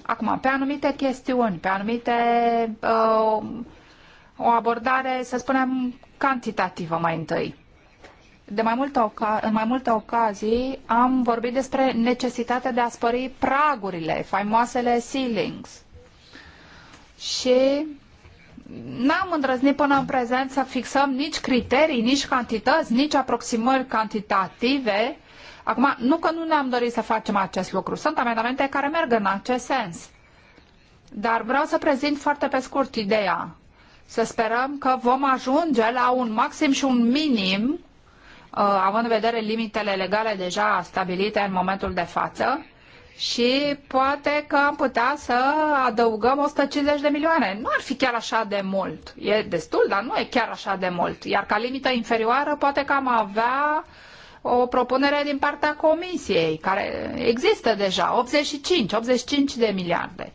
Acum, pe anumite chestiuni, pe anumite uh, o abordare, să spunem, cantitativă mai întâi. De mai multe în mai multe ocazii am vorbit despre necesitatea de a spări pragurile, faimoasele ceilings. Și n-am îndrăznit până în prezent să fixăm nici criterii, nici cantități, nici aproximări cantitative. Acum, nu că nu ne-am dorit să facem acest lucru, sunt amendamente care merg în acest sens. Dar vreau să prezint foarte pe scurt ideea să sperăm că vom ajunge la un maxim și un minim, uh, având în vedere limitele legale deja stabilite în momentul de față, și poate că am putea să adăugăm 150 de milioane. Nu ar fi chiar așa de mult. E destul, dar nu e chiar așa de mult. Iar ca limită inferioară, poate că am avea o propunere din partea Comisiei, care există deja, 85, 85 de miliarde.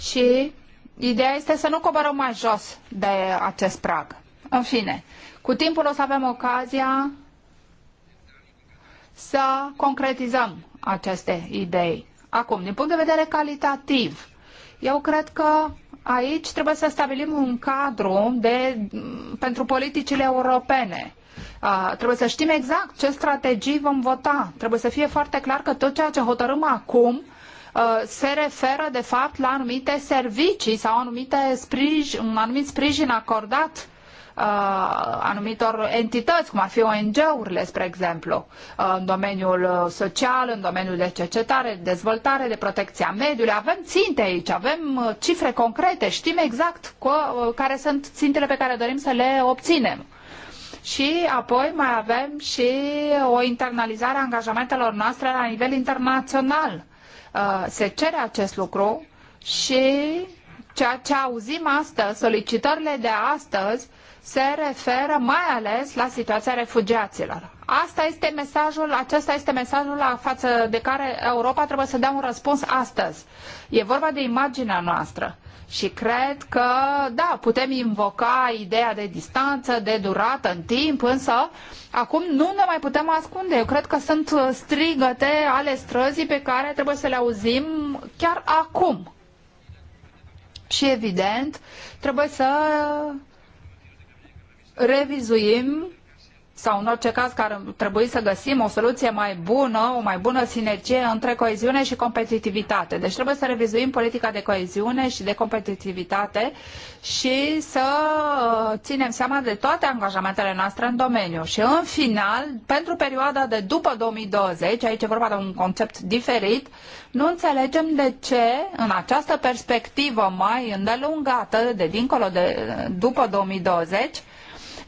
și ideea este să nu coborăm mai jos de acest prag. În fine, cu timpul o să avem ocazia să concretizăm aceste idei. Acum, din punct de vedere calitativ, eu cred că aici trebuie să stabilim un cadru de, pentru politicile europene. Uh, trebuie să știm exact ce strategii vom vota. Trebuie să fie foarte clar că tot ceea ce hotărâm acum uh, Uh, se referă de fapt la anumite servicii sau anumite sprijin, un anumit sprijin acordat uh, anumitor entități, cum ar fi ONG-urile, spre exemplu, uh, în domeniul social, în domeniul de cercetare, de dezvoltare, de protecția mediului. Avem ținte aici, avem cifre concrete, știm exact care sunt țintele pe care dorim să le obținem. Și apoi mai avem și o internalizare a angajamentelor noastre la nivel internațional Uh, se cere acest lucru și ceea ce auzim astăzi, solicitările de astăzi, se referă mai ales la situația refugiaților. Asta este mesajul, acesta este mesajul la față de care Europa trebuie să dea un răspuns astăzi. E vorba de imaginea noastră. Și cred că, da, putem invoca ideea de distanță, de durată în timp, însă acum nu ne mai putem ascunde. Eu cred că sunt strigăte ale străzii pe care trebuie să le auzim chiar acum. Și evident, trebuie să revizuim sau în orice caz că ar trebui să găsim o soluție mai bună, o mai bună sinergie între coeziune și competitivitate. Deci trebuie să revizuim politica de coeziune și de competitivitate și să uh, ținem seama de toate angajamentele noastre în domeniu. Și în final, pentru perioada de după 2020, aici e vorba de un concept diferit, nu înțelegem de ce în această perspectivă mai îndelungată de dincolo de uh, după 2020,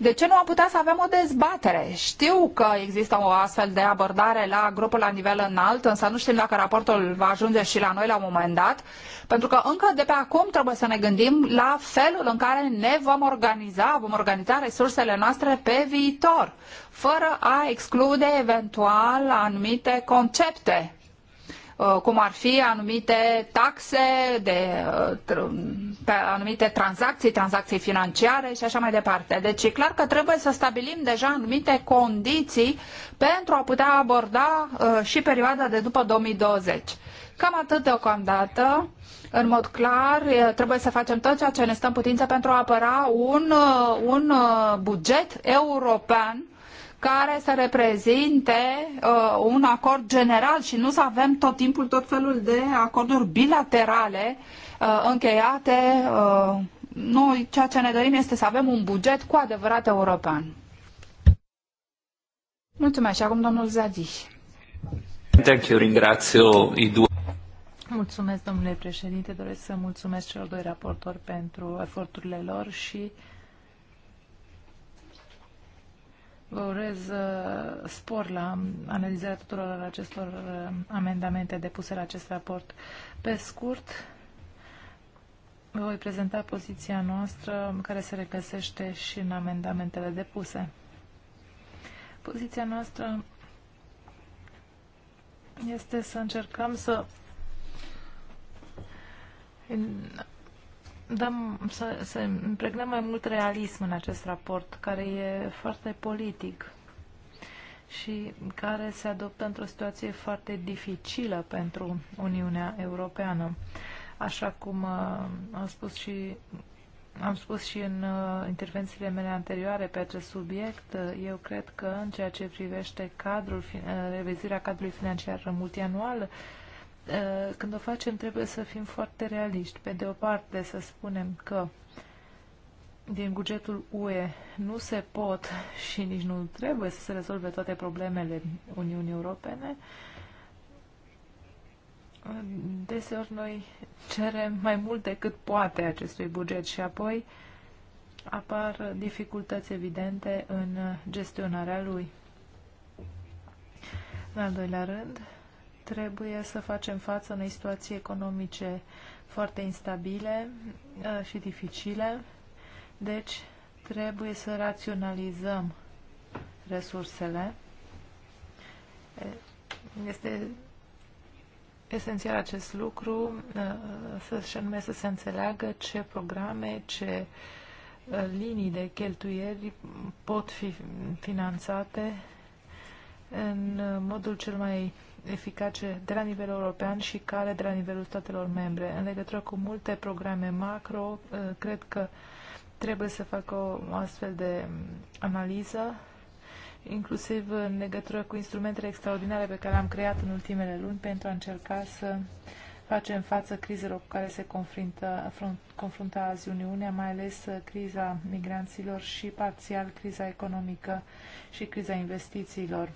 de ce nu am putea să avem o dezbatere? Știu că există o astfel de abordare la grupul la nivel înalt, însă nu știm dacă raportul va ajunge și la noi la un moment dat, pentru că încă de pe acum trebuie să ne gândim la felul în care ne vom organiza, vom organiza resursele noastre pe viitor, fără a exclude eventual anumite concepte Uh, cum ar fi anumite taxe de, uh, pe anumite tranzacții, tranzacții financiare și așa mai departe. Deci e clar că trebuie să stabilim deja anumite condiții pentru a putea aborda uh, și perioada de după 2020. Cam atât deocamdată. În mod clar, trebuie să facem tot ceea ce ne stă în putință pentru a apăra un, un buget european care să reprezinte uh, un acord general și nu să avem tot timpul tot felul de acorduri bilaterale uh, încheiate. Uh, noi ceea ce ne dorim este să avem un buget cu adevărat european. Mulțumesc și acum domnul Zadi. Mulțumesc, domnule președinte. Doresc să mulțumesc celor doi raportori pentru eforturile lor și Vă urez uh, spor la analizarea tuturor acestor uh, amendamente depuse la acest raport. Pe scurt, vă voi prezenta poziția noastră care se regăsește și în amendamentele depuse. Poziția noastră este să încercăm să dăm, să, să împregnăm mai mult realism în acest raport, care e foarte politic și care se adoptă într-o situație foarte dificilă pentru Uniunea Europeană. Așa cum uh, am spus și am spus și în uh, intervențiile mele anterioare pe acest subiect, uh, eu cred că în ceea ce privește cadrul, uh, revizirea cadrului financiar multianual, uh, Uh, când o facem trebuie să fim foarte realiști. Pe de o parte să spunem că din bugetul UE nu se pot și nici nu trebuie să se rezolve toate problemele Uniunii Europene. Deseori noi cerem mai mult decât poate acestui buget și apoi apar dificultăți evidente în gestionarea lui. În al doilea rând, trebuie să facem față unei situații economice foarte instabile uh, și dificile. Deci, trebuie să raționalizăm resursele. Este esențial acest lucru, uh, să, anume să se înțeleagă ce programe, ce uh, linii de cheltuieri pot fi finanțate în modul cel mai eficace de la nivel european și care de la nivelul statelor membre. În legătură cu multe programe macro, uh, cred că trebuie să facă o astfel de um, analiză, inclusiv în legătură cu instrumentele extraordinare pe care le-am creat în ultimele luni pentru a încerca să facem față crizelor cu care se confruntă, confruntă azi Uniunea, mai ales uh, criza migranților și parțial criza economică și criza investițiilor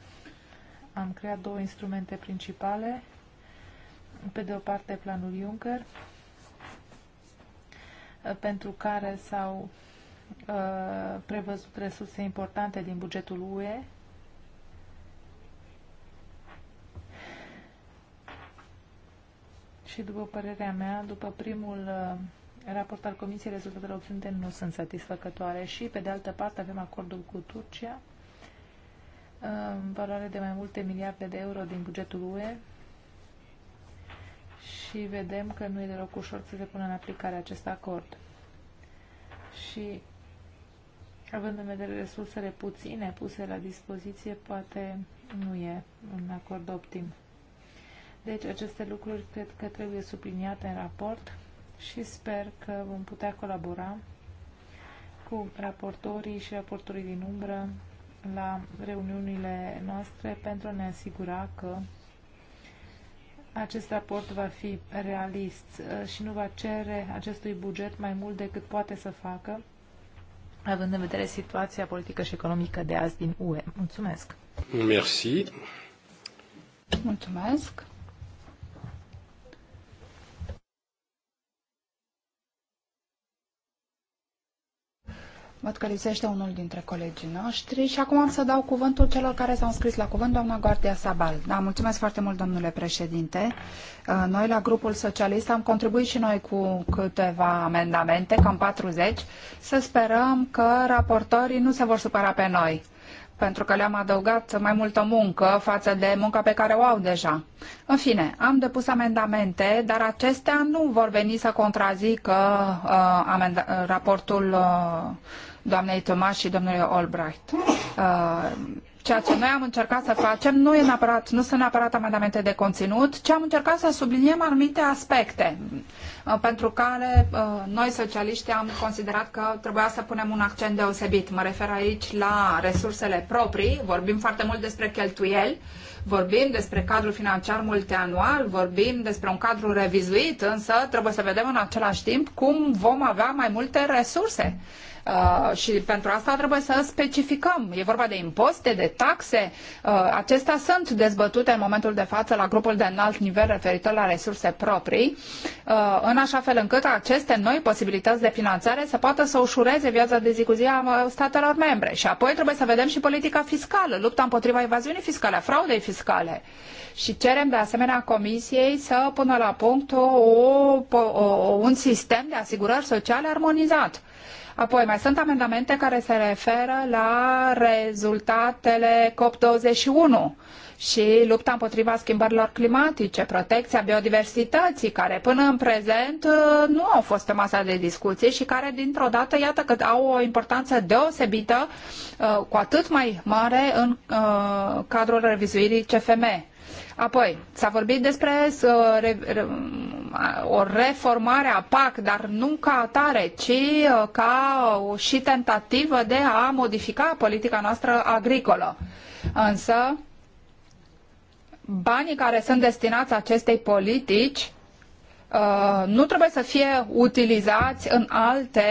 am creat două instrumente principale. Pe de o parte, planul Juncker, uh, pentru care s-au uh, prevăzut resurse importante din bugetul UE, și după părerea mea, după primul uh, raport al Comisiei, rezultatele obținute nu sunt satisfăcătoare și, pe de altă parte, avem acordul cu Turcia, în valoare de mai multe miliarde de euro din bugetul UE și vedem că nu e deloc ușor să se pună în aplicare acest acord. Și având în vedere resursele puține puse la dispoziție, poate nu e un acord optim. Deci aceste lucruri cred că trebuie subliniate în raport și sper că vom putea colabora cu raportorii și raportorii din umbră la reuniunile noastre pentru a ne asigura că acest raport va fi realist uh, și nu va cere acestui buget mai mult decât poate să facă, având în vedere situația politică și economică de azi din UE. Mulțumesc! Merci! Mulțumesc! Văd că lisește unul dintre colegii noștri și acum am să dau cuvântul celor care s-au înscris la cuvânt, doamna Guardia Sabal. Da, mulțumesc foarte mult, domnule președinte. Uh, noi la grupul socialist am contribuit și noi cu câteva amendamente, cam 40. Să sperăm că raportorii nu se vor supăra pe noi pentru că le-am adăugat mai multă muncă față de munca pe care o au deja. În fine, am depus amendamente, dar acestea nu vor veni să contrazică uh, raportul uh, doamnei Tomaș și domnului Albright. Uh, ceea ce noi am încercat să facem nu, e neapărat, nu sunt neapărat amendamente de conținut, ci am încercat să subliniem anumite aspecte uh, pentru care uh, noi socialiști am considerat că trebuia să punem un accent deosebit. Mă refer aici la resursele proprii, vorbim foarte mult despre cheltuieli, vorbim despre cadrul financiar multianual, vorbim despre un cadru revizuit, însă trebuie să vedem în același timp cum vom avea mai multe resurse Uh, și pentru asta trebuie să specificăm. E vorba de impozite, de taxe. Uh, acestea sunt dezbătute în momentul de față la grupul de înalt nivel referitor la resurse proprii, uh, în așa fel încât aceste noi posibilități de finanțare să poată să ușureze viața de zi cu zi a uh, statelor membre. Și apoi trebuie să vedem și politica fiscală, lupta împotriva evaziunii fiscale, a fraudei fiscale. Și cerem de asemenea Comisiei să pună la punct o, o, un sistem de asigurări sociale armonizat Apoi mai sunt amendamente care se referă la rezultatele COP21 și lupta împotriva schimbărilor climatice, protecția biodiversității, care până în prezent uh, nu au fost pe masa de discuție și care dintr-o dată, iată că au o importanță deosebită, uh, cu atât mai mare în uh, cadrul revizuirii CFM. Apoi, s-a vorbit despre uh, o reformare a PAC, dar nu ca atare, ci uh, ca și tentativă de a modifica politica noastră agricolă. Însă, banii care sunt destinați acestei politici uh, nu trebuie să fie utilizați în alte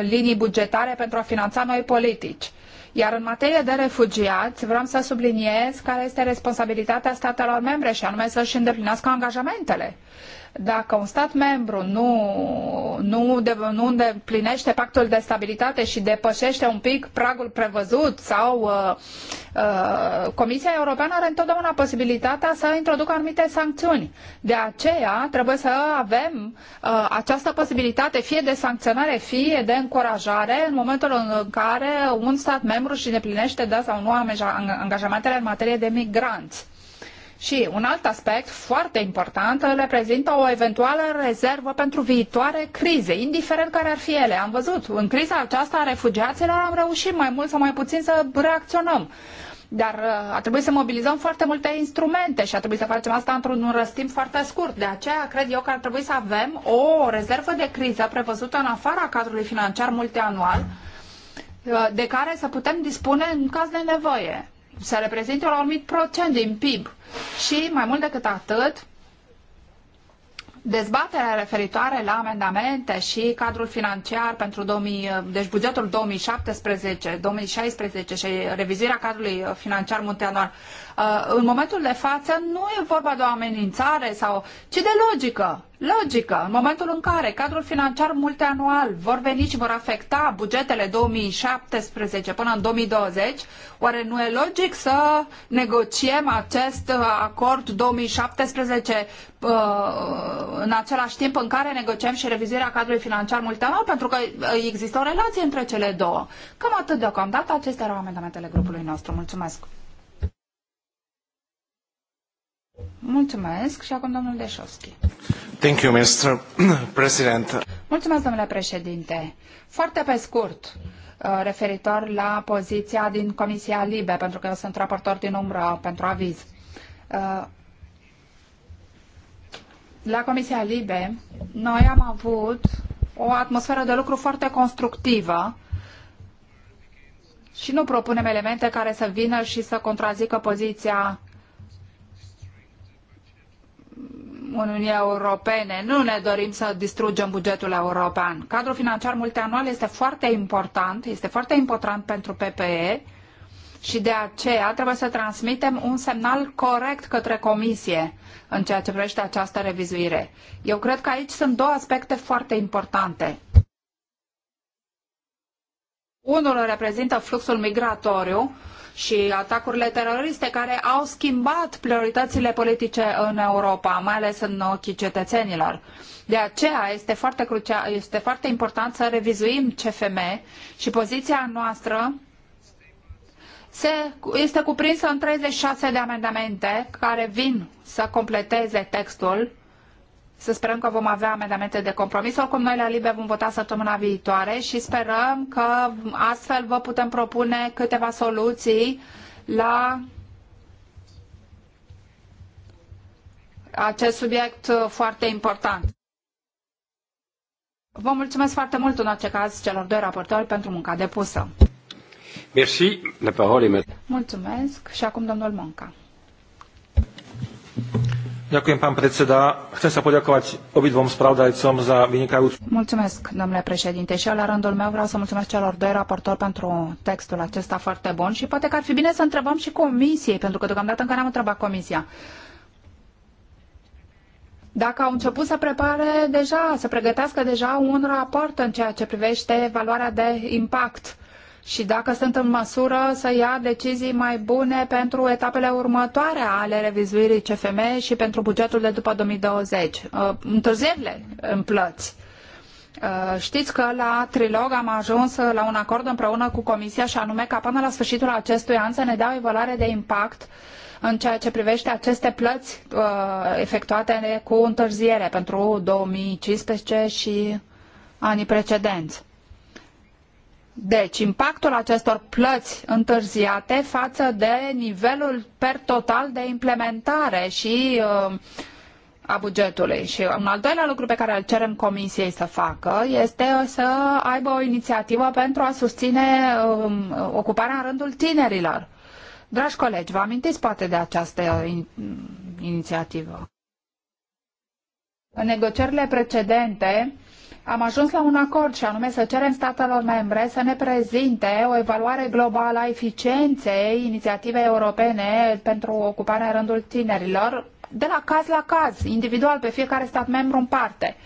linii bugetare pentru a finanța noi politici. Iar în materie de refugiați, vreau să subliniez care este responsabilitatea statelor membre și anume să-și îndeplinească angajamentele. Dacă un stat membru nu, nu, de, nu îndeplinește pactul de stabilitate și depășește un pic pragul prevăzut sau uh, uh, Comisia Europeană are întotdeauna posibilitatea să introducă anumite sancțiuni. De aceea trebuie să avem uh, această posibilitate fie de sancționare, fie de încurajare în momentul în care un stat membru și îndeplinește da sau nu angajamentele în materie de migranți. Și un alt aspect foarte important reprezintă o eventuală rezervă pentru viitoare crize, indiferent care ar fi ele. Am văzut, în criza aceasta a refugiaților am reușit mai mult sau mai puțin să reacționăm dar uh, a trebuit să mobilizăm foarte multe instrumente și a trebuit să facem asta într-un răstimp foarte scurt. De aceea cred eu că ar trebui să avem o rezervă de criză prevăzută în afara cadrului financiar multianual uh, de care să putem dispune în caz de nevoie reprezintă la un anumit procent din PIB. Și mai mult decât atât, dezbaterea referitoare la amendamente și cadrul financiar pentru 2000, deci bugetul 2017, 2016 și revizirea cadrului financiar multianual. Uh, în momentul de față nu e vorba de o amenințare sau, ci de logică. Logică. În momentul în care cadrul financiar multianual vor veni și vor afecta bugetele 2017 până în 2020, oare nu e logic să negociem acest uh, acord 2017 uh, în același timp în care negociem și revizuirea cadrului financiar multianual, pentru că există o relație între cele două. Cam atât deocamdată. Acestea erau amendamentele grupului nostru. Mulțumesc! Mulțumesc și acum domnul Deșovski. Thank you, Mr. <clears throat> President. Mulțumesc, domnule președinte. Foarte pe scurt, uh, referitor la poziția din Comisia Libe, pentru că eu sunt raportor din umbră pentru aviz. Uh, la Comisia Libe, noi am avut o atmosferă de lucru foarte constructivă și nu propunem elemente care să vină și să contrazică poziția Uniunii Europene. Nu ne dorim să distrugem bugetul european. Cadrul financiar multianual este foarte important, este foarte important pentru PPE și de aceea trebuie să transmitem un semnal corect către Comisie în ceea ce privește această revizuire. Eu cred că aici sunt două aspecte foarte importante. Unul reprezintă fluxul migratoriu și atacurile teroriste care au schimbat prioritățile politice în Europa, mai ales în ochii cetățenilor. De aceea este foarte, este foarte important să revizuim CFM și poziția noastră se, este cuprinsă în 36 de amendamente care vin să completeze textul să sperăm că vom avea amendamente de compromis. Oricum, noi la Libe vom vota săptămâna viitoare și sperăm că astfel vă putem propune câteva soluții la acest subiect foarte important. Vă mulțumesc foarte mult în orice caz celor doi raportori pentru munca depusă. Merci. La parole Mulțumesc și acum domnul Monca. Ďakujem, pán predseda. Chcem sa poďakovať obidvom spravodajcom za vynikajúcu... Mulțumesc, domnule președinte. Și eu, la rândul meu, vreau să mulțumesc celor doi raportori pentru textul acesta foarte bun și poate că ar fi bine să întrebăm și comisiei, pentru că deocamdată încă n-am întrebat comisia dacă au început să prepare deja, să pregătească deja un raport în ceea ce privește valoarea de impact și dacă sunt în măsură să ia decizii mai bune pentru etapele următoare ale revizuirii CFM și pentru bugetul de după 2020. Uh, întârzierile în plăți. Uh, știți că la trilog am ajuns la un acord împreună cu Comisia și anume ca până la sfârșitul acestui an să ne dea o evaluare de impact în ceea ce privește aceste plăți uh, efectuate cu întârziere pentru 2015 și anii precedenți. Deci, impactul acestor plăți întârziate față de nivelul per total de implementare și uh, a bugetului. Și un al doilea lucru pe care îl cerem Comisiei să facă este să aibă o inițiativă pentru a susține um, ocuparea în rândul tinerilor. Dragi colegi, vă amintiți poate de această in, inițiativă? În negocierile precedente, am ajuns la un acord și anume să cerem statelor membre să ne prezinte o evaluare globală a eficienței inițiativei europene pentru ocuparea în rândul tinerilor, de la caz la caz, individual, pe fiecare stat membru în parte.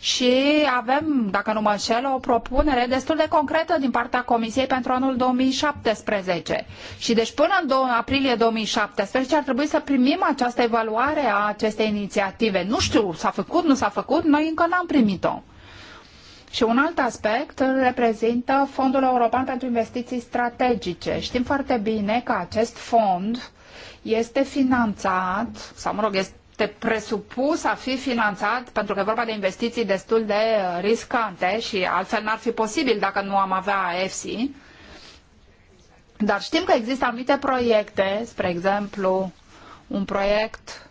Și avem, dacă nu mă înșel, o propunere destul de concretă din partea Comisiei pentru anul 2017. Și deci până în 2 aprilie 2017 ar trebui să primim această evaluare a acestei inițiative. Nu știu, s-a făcut, nu s-a făcut, noi încă n-am primit-o. Și un alt aspect îl reprezintă Fondul European pentru Investiții Strategice. Știm foarte bine că acest fond este finanțat, sau mă rog, este presupus a fi finanțat, pentru că e vorba de investiții destul de uh, riscante și altfel n-ar fi posibil dacă nu am avea EFSI. Dar știm că există anumite proiecte, spre exemplu, un proiect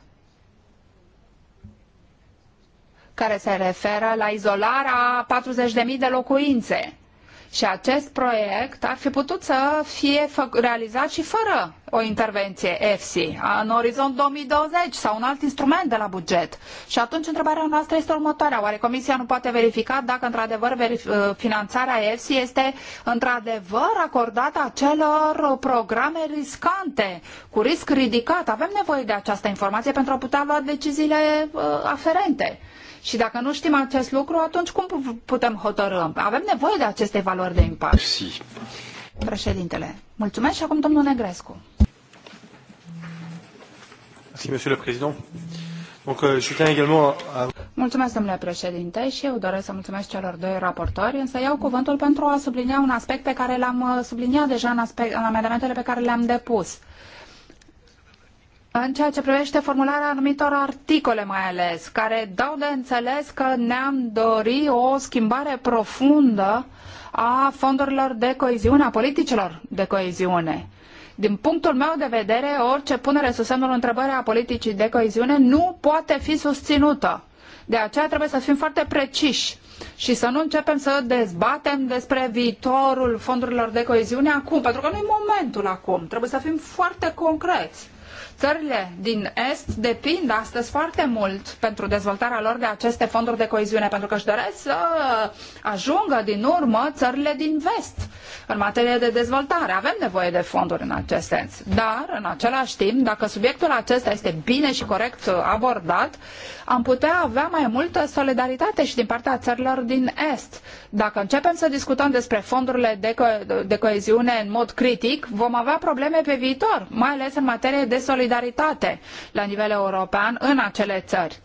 care se referă la izolarea 40.000 de locuințe. Și acest proiect ar fi putut să fie realizat și fără o intervenție EFSI în orizont 2020 sau un alt instrument de la buget. Și atunci întrebarea noastră este următoarea. Oare Comisia nu poate verifica dacă într-adevăr verif- uh, finanțarea EFSI este într-adevăr acordată acelor programe riscante, cu risc ridicat? Avem nevoie de această informație pentru a putea lua deciziile uh, aferente. Și dacă nu știm acest lucru, atunci cum putem hotărî? Avem nevoie de aceste valori de impact. Președintele, mulțumesc și acum domnul Negrescu. Euh, mulțumesc, domnule președinte, și eu doresc să mulțumesc celor doi raportori, însă iau cuvântul pentru a sublinia un aspect pe care l-am uh, subliniat deja în, aspect, în amendamentele pe care le-am depus. Uh, în ceea ce privește formularea anumitor articole mai ales, care dau de înțeles că ne-am dori o schimbare profundă a fondurilor de coeziune, a politicilor de coeziune. Din punctul meu de vedere, orice punere sub semnul întrebării a politicii de coeziune nu poate fi susținută. De aceea trebuie să fim foarte preciși și să nu începem să dezbatem despre viitorul fondurilor de coeziune acum, pentru că nu e momentul acum. Trebuie să fim foarte concreți Țările din Est depind astăzi foarte mult pentru dezvoltarea lor de aceste fonduri de coeziune, pentru că își doresc să ajungă din urmă țările din Vest în materie de dezvoltare. Avem nevoie de fonduri în acest sens. Dar, în același timp, dacă subiectul acesta este bine și corect abordat, am putea avea mai multă solidaritate și din partea țărilor din Est. Dacă începem să discutăm despre fondurile de, co- de coeziune în mod critic, vom avea probleme pe viitor, mai ales în materie de solidaritate solidaritate la nivel european în acele țări.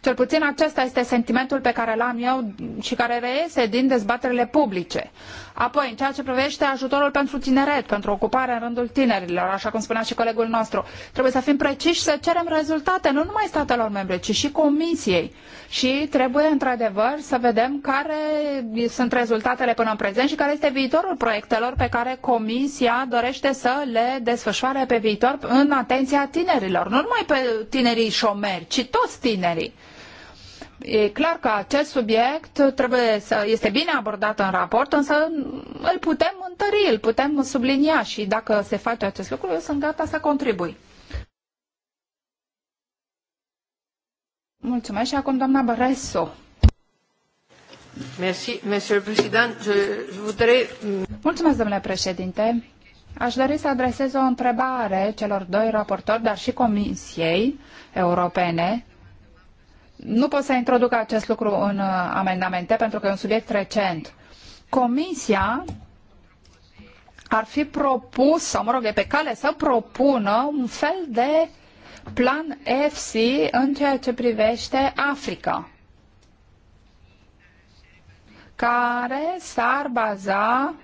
Cel puțin acesta este sentimentul pe care l-am eu și care reiese din dezbaterile publice. Apoi, în ceea ce privește ajutorul pentru tineret, pentru ocupare în rândul tinerilor, așa cum spunea și colegul nostru, trebuie să fim preciși să cerem rezultate nu numai statelor membre, ci și comisiei. Și trebuie, într-adevăr, să vedem care sunt rezultatele până în prezent și care este viitorul proiectelor pe care comisia dorește să le desfășoare pe viitor în atenția tinerilor. Nu numai pe tinerii șomeri, ci toți tinerii. E clar că acest subiect trebuie să este bine abordat în raport, însă îl putem întări, îl putem sublinia și dacă se face acest lucru, eu sunt gata să contribui. Mulțumesc și acum doamna Băresu. Merci, monsieur président. Je, je voudrais... Mulțumesc, domnule președinte. Aș dori să adresez o întrebare celor doi raportori, dar și Comisiei Europene, nu pot să introduc acest lucru în uh, amendamente pentru că e un subiect recent. Comisia ar fi propus, sau mă rog, e pe cale să propună un fel de plan FC în ceea ce privește Africa, care s-ar baza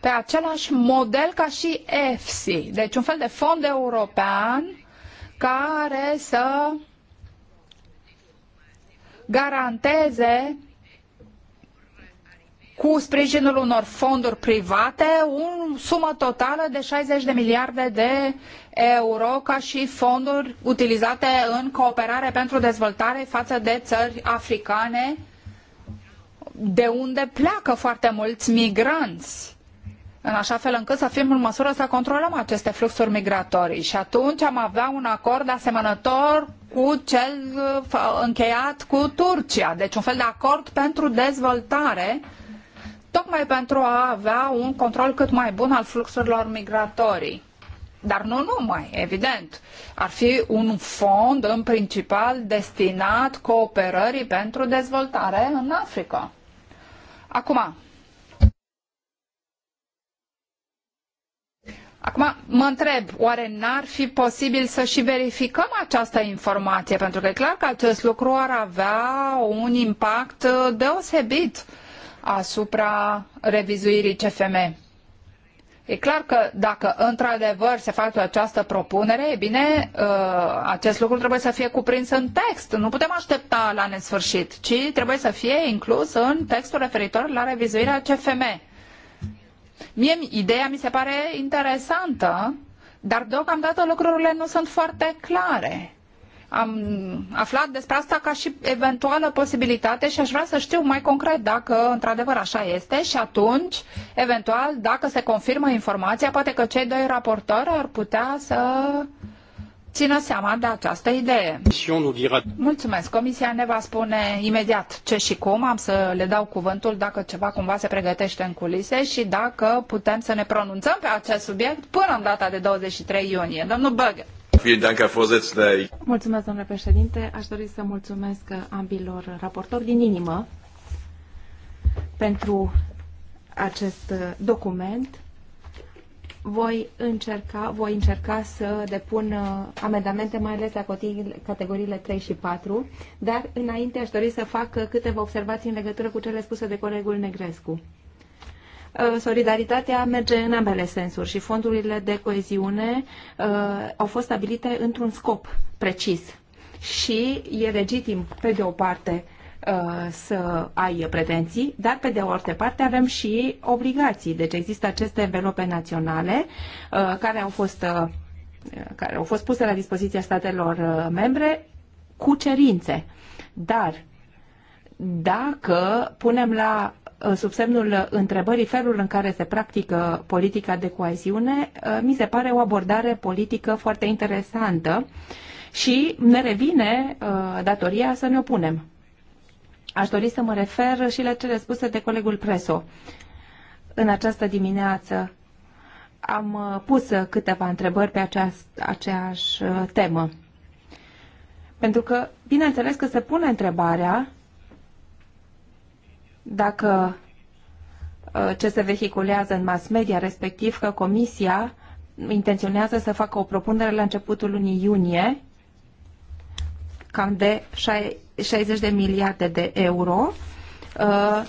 pe același model ca și EFSI, deci un fel de fond european care să garanteze cu sprijinul unor fonduri private o sumă totală de 60 de miliarde de euro ca și fonduri utilizate în cooperare pentru dezvoltare față de țări africane de unde pleacă foarte mulți migranți în așa fel încât să fim în măsură să controlăm aceste fluxuri migratorii. Și atunci am avea un acord asemănător cu cel uh, încheiat cu Turcia, deci un fel de acord pentru dezvoltare, tocmai pentru a avea un control cât mai bun al fluxurilor migratorii. Dar nu numai, evident. Ar fi un fond în principal destinat cooperării pentru dezvoltare în Africa. Acum, Acum mă întreb, oare n-ar fi posibil să și verificăm această informație? Pentru că e clar că acest lucru ar avea un impact uh, deosebit asupra revizuirii CFM. E clar că dacă într-adevăr se face această propunere, e bine, uh, acest lucru trebuie să fie cuprins în text. Nu putem aștepta la nesfârșit, ci trebuie să fie inclus în textul referitor la revizuirea CFM. Mie, ideea mi se pare interesantă, dar deocamdată lucrurile nu sunt foarte clare. Am aflat despre asta ca și eventuală posibilitate și aș vrea să știu mai concret dacă într-adevăr așa este și atunci, eventual, dacă se confirmă informația, poate că cei doi raportori ar putea să uh, țină seama de această idee. Mulțumesc. Comisia ne va spune imediat ce și cum. Am să le dau cuvântul dacă ceva cumva se pregătește în culise și dacă putem să ne pronunțăm pe acest subiect până în data de 23 iunie. Domnul Băgă. Mulțumesc, domnule președinte. Aș dori să mulțumesc ambilor raportori din inimă pentru acest document voi încerca, voi încerca să depun uh, amendamente, mai ales la categoriile 3 și 4, dar înainte aș dori să fac uh, câteva observații în legătură cu cele spuse de colegul Negrescu. Uh, solidaritatea merge în ambele sensuri și fondurile de coeziune au fost stabilite într-un scop precis și e legitim, pe de o parte, Uh, să ai pretenții, dar pe de altă parte avem și obligații. Deci există aceste envelope naționale uh, care au fost uh, care au fost puse la dispoziția statelor membre cu cerințe. Dar dacă punem la sub semnul întrebării felul în care se practică politica de coaziune, mi se pare o abordare politică foarte interesantă și ne revine datoria să ne opunem. Aș dori să mă refer și la cele spuse de colegul Preso. În această dimineață am uh, pus câteva întrebări pe aceast, aceeași uh, temă. Pentru că, bineînțeles că se pune întrebarea dacă uh, ce se vehiculează în mass media, respectiv că Comisia intenționează să facă o propunere la începutul lunii iunie cam de 60 de miliarde de euro uh,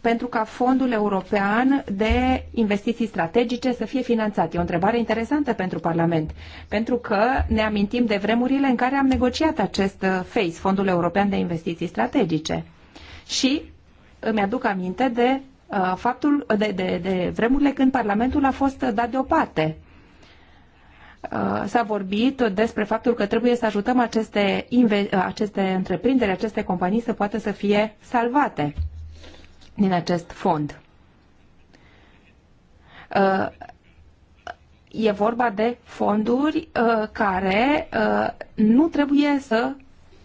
pentru ca fondul european de investiții strategice să fie finanțat. E o întrebare interesantă pentru Parlament, pentru că ne amintim de vremurile în care am negociat acest uh, FACE, Fondul European de Investiții Strategice. Și îmi aduc aminte de uh, faptul de, de, de vremurile când Parlamentul a fost dat deoparte. Uh, s-a vorbit despre faptul că trebuie să ajutăm aceste, uh, aceste întreprinderi, aceste companii să poată să fie salvate din acest fond. Uh, e vorba de fonduri care nu trebuie să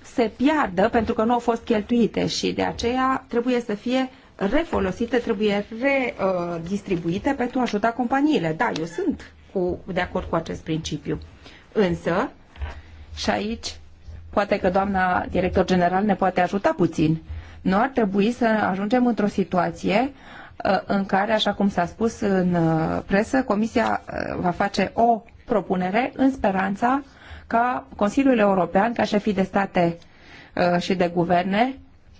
se piardă pentru că nu au fost cheltuite și de aceea trebuie să fie refolosite, trebuie redistribuite pentru a ajuta companiile. Da, eu sunt cu, de acord cu acest principiu. Însă, și aici, poate că doamna director general ne poate ajuta puțin, nu ar trebui să ajungem într-o situație uh, în care, așa cum s-a spus în uh, presă, Comisia uh, va face o propunere în speranța ca Consiliul European, ca șefii de state și de guverne,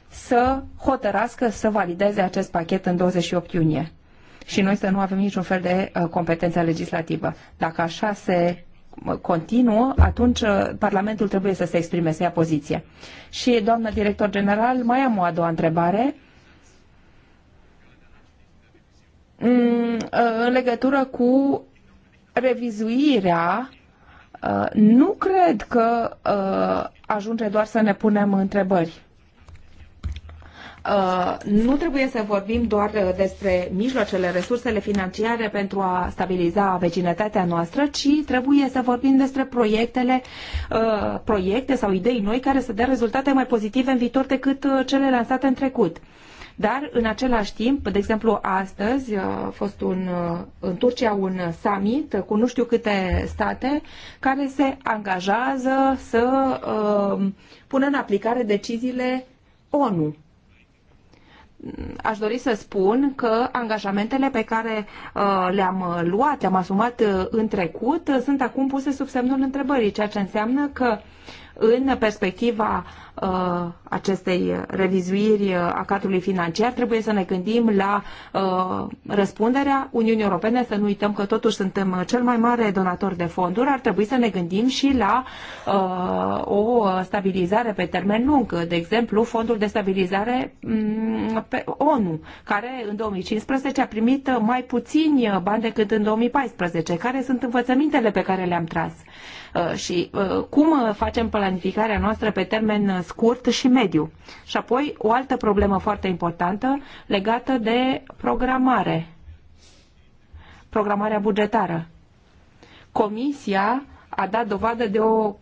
să hotărască să valideze acest pachet în 28 iunie și noi să nu avem niciun fel de uh, competență legislativă. Dacă așa se uh, continuă, atunci uh, Parlamentul trebuie să se exprime, să ia poziție. Și, doamnă director general, mai am o a doua întrebare. Mm, în legătură cu revizuirea, nu cred că ajunge doar să ne punem întrebări. Uh, nu trebuie să vorbim doar uh, despre mijloacele, resursele financiare pentru a stabiliza vecinătatea noastră, ci trebuie să vorbim despre proiectele, uh, proiecte sau idei noi care să dea rezultate mai pozitive în viitor decât cele lansate în trecut. Dar, în același timp, de exemplu, astăzi a fost un, în Turcia un summit cu nu știu câte state care se angajează să uh, pună în aplicare deciziile ONU aș dori să spun că angajamentele pe care uh, le-am uh, luat, le-am asumat uh, în trecut, sunt acum puse sub semnul întrebării, ceea ce înseamnă că în perspectiva uh, acestei revizuiri a cadrului financiar, trebuie să ne gândim la uh, răspunderea Uniunii Europene, să nu uităm că totuși suntem cel mai mare donator de fonduri, ar trebui să ne gândim și la uh, o stabilizare pe termen lung, de exemplu fondul de stabilizare mm, pe ONU, care în 2015 a primit mai puțini bani decât în 2014, care sunt învățămintele pe care le-am tras. Uh, și uh, cum uh, facem planificarea noastră pe termen scurt și mediu. Și apoi o altă problemă foarte importantă legată de programare, programarea bugetară. Comisia a dat dovadă de o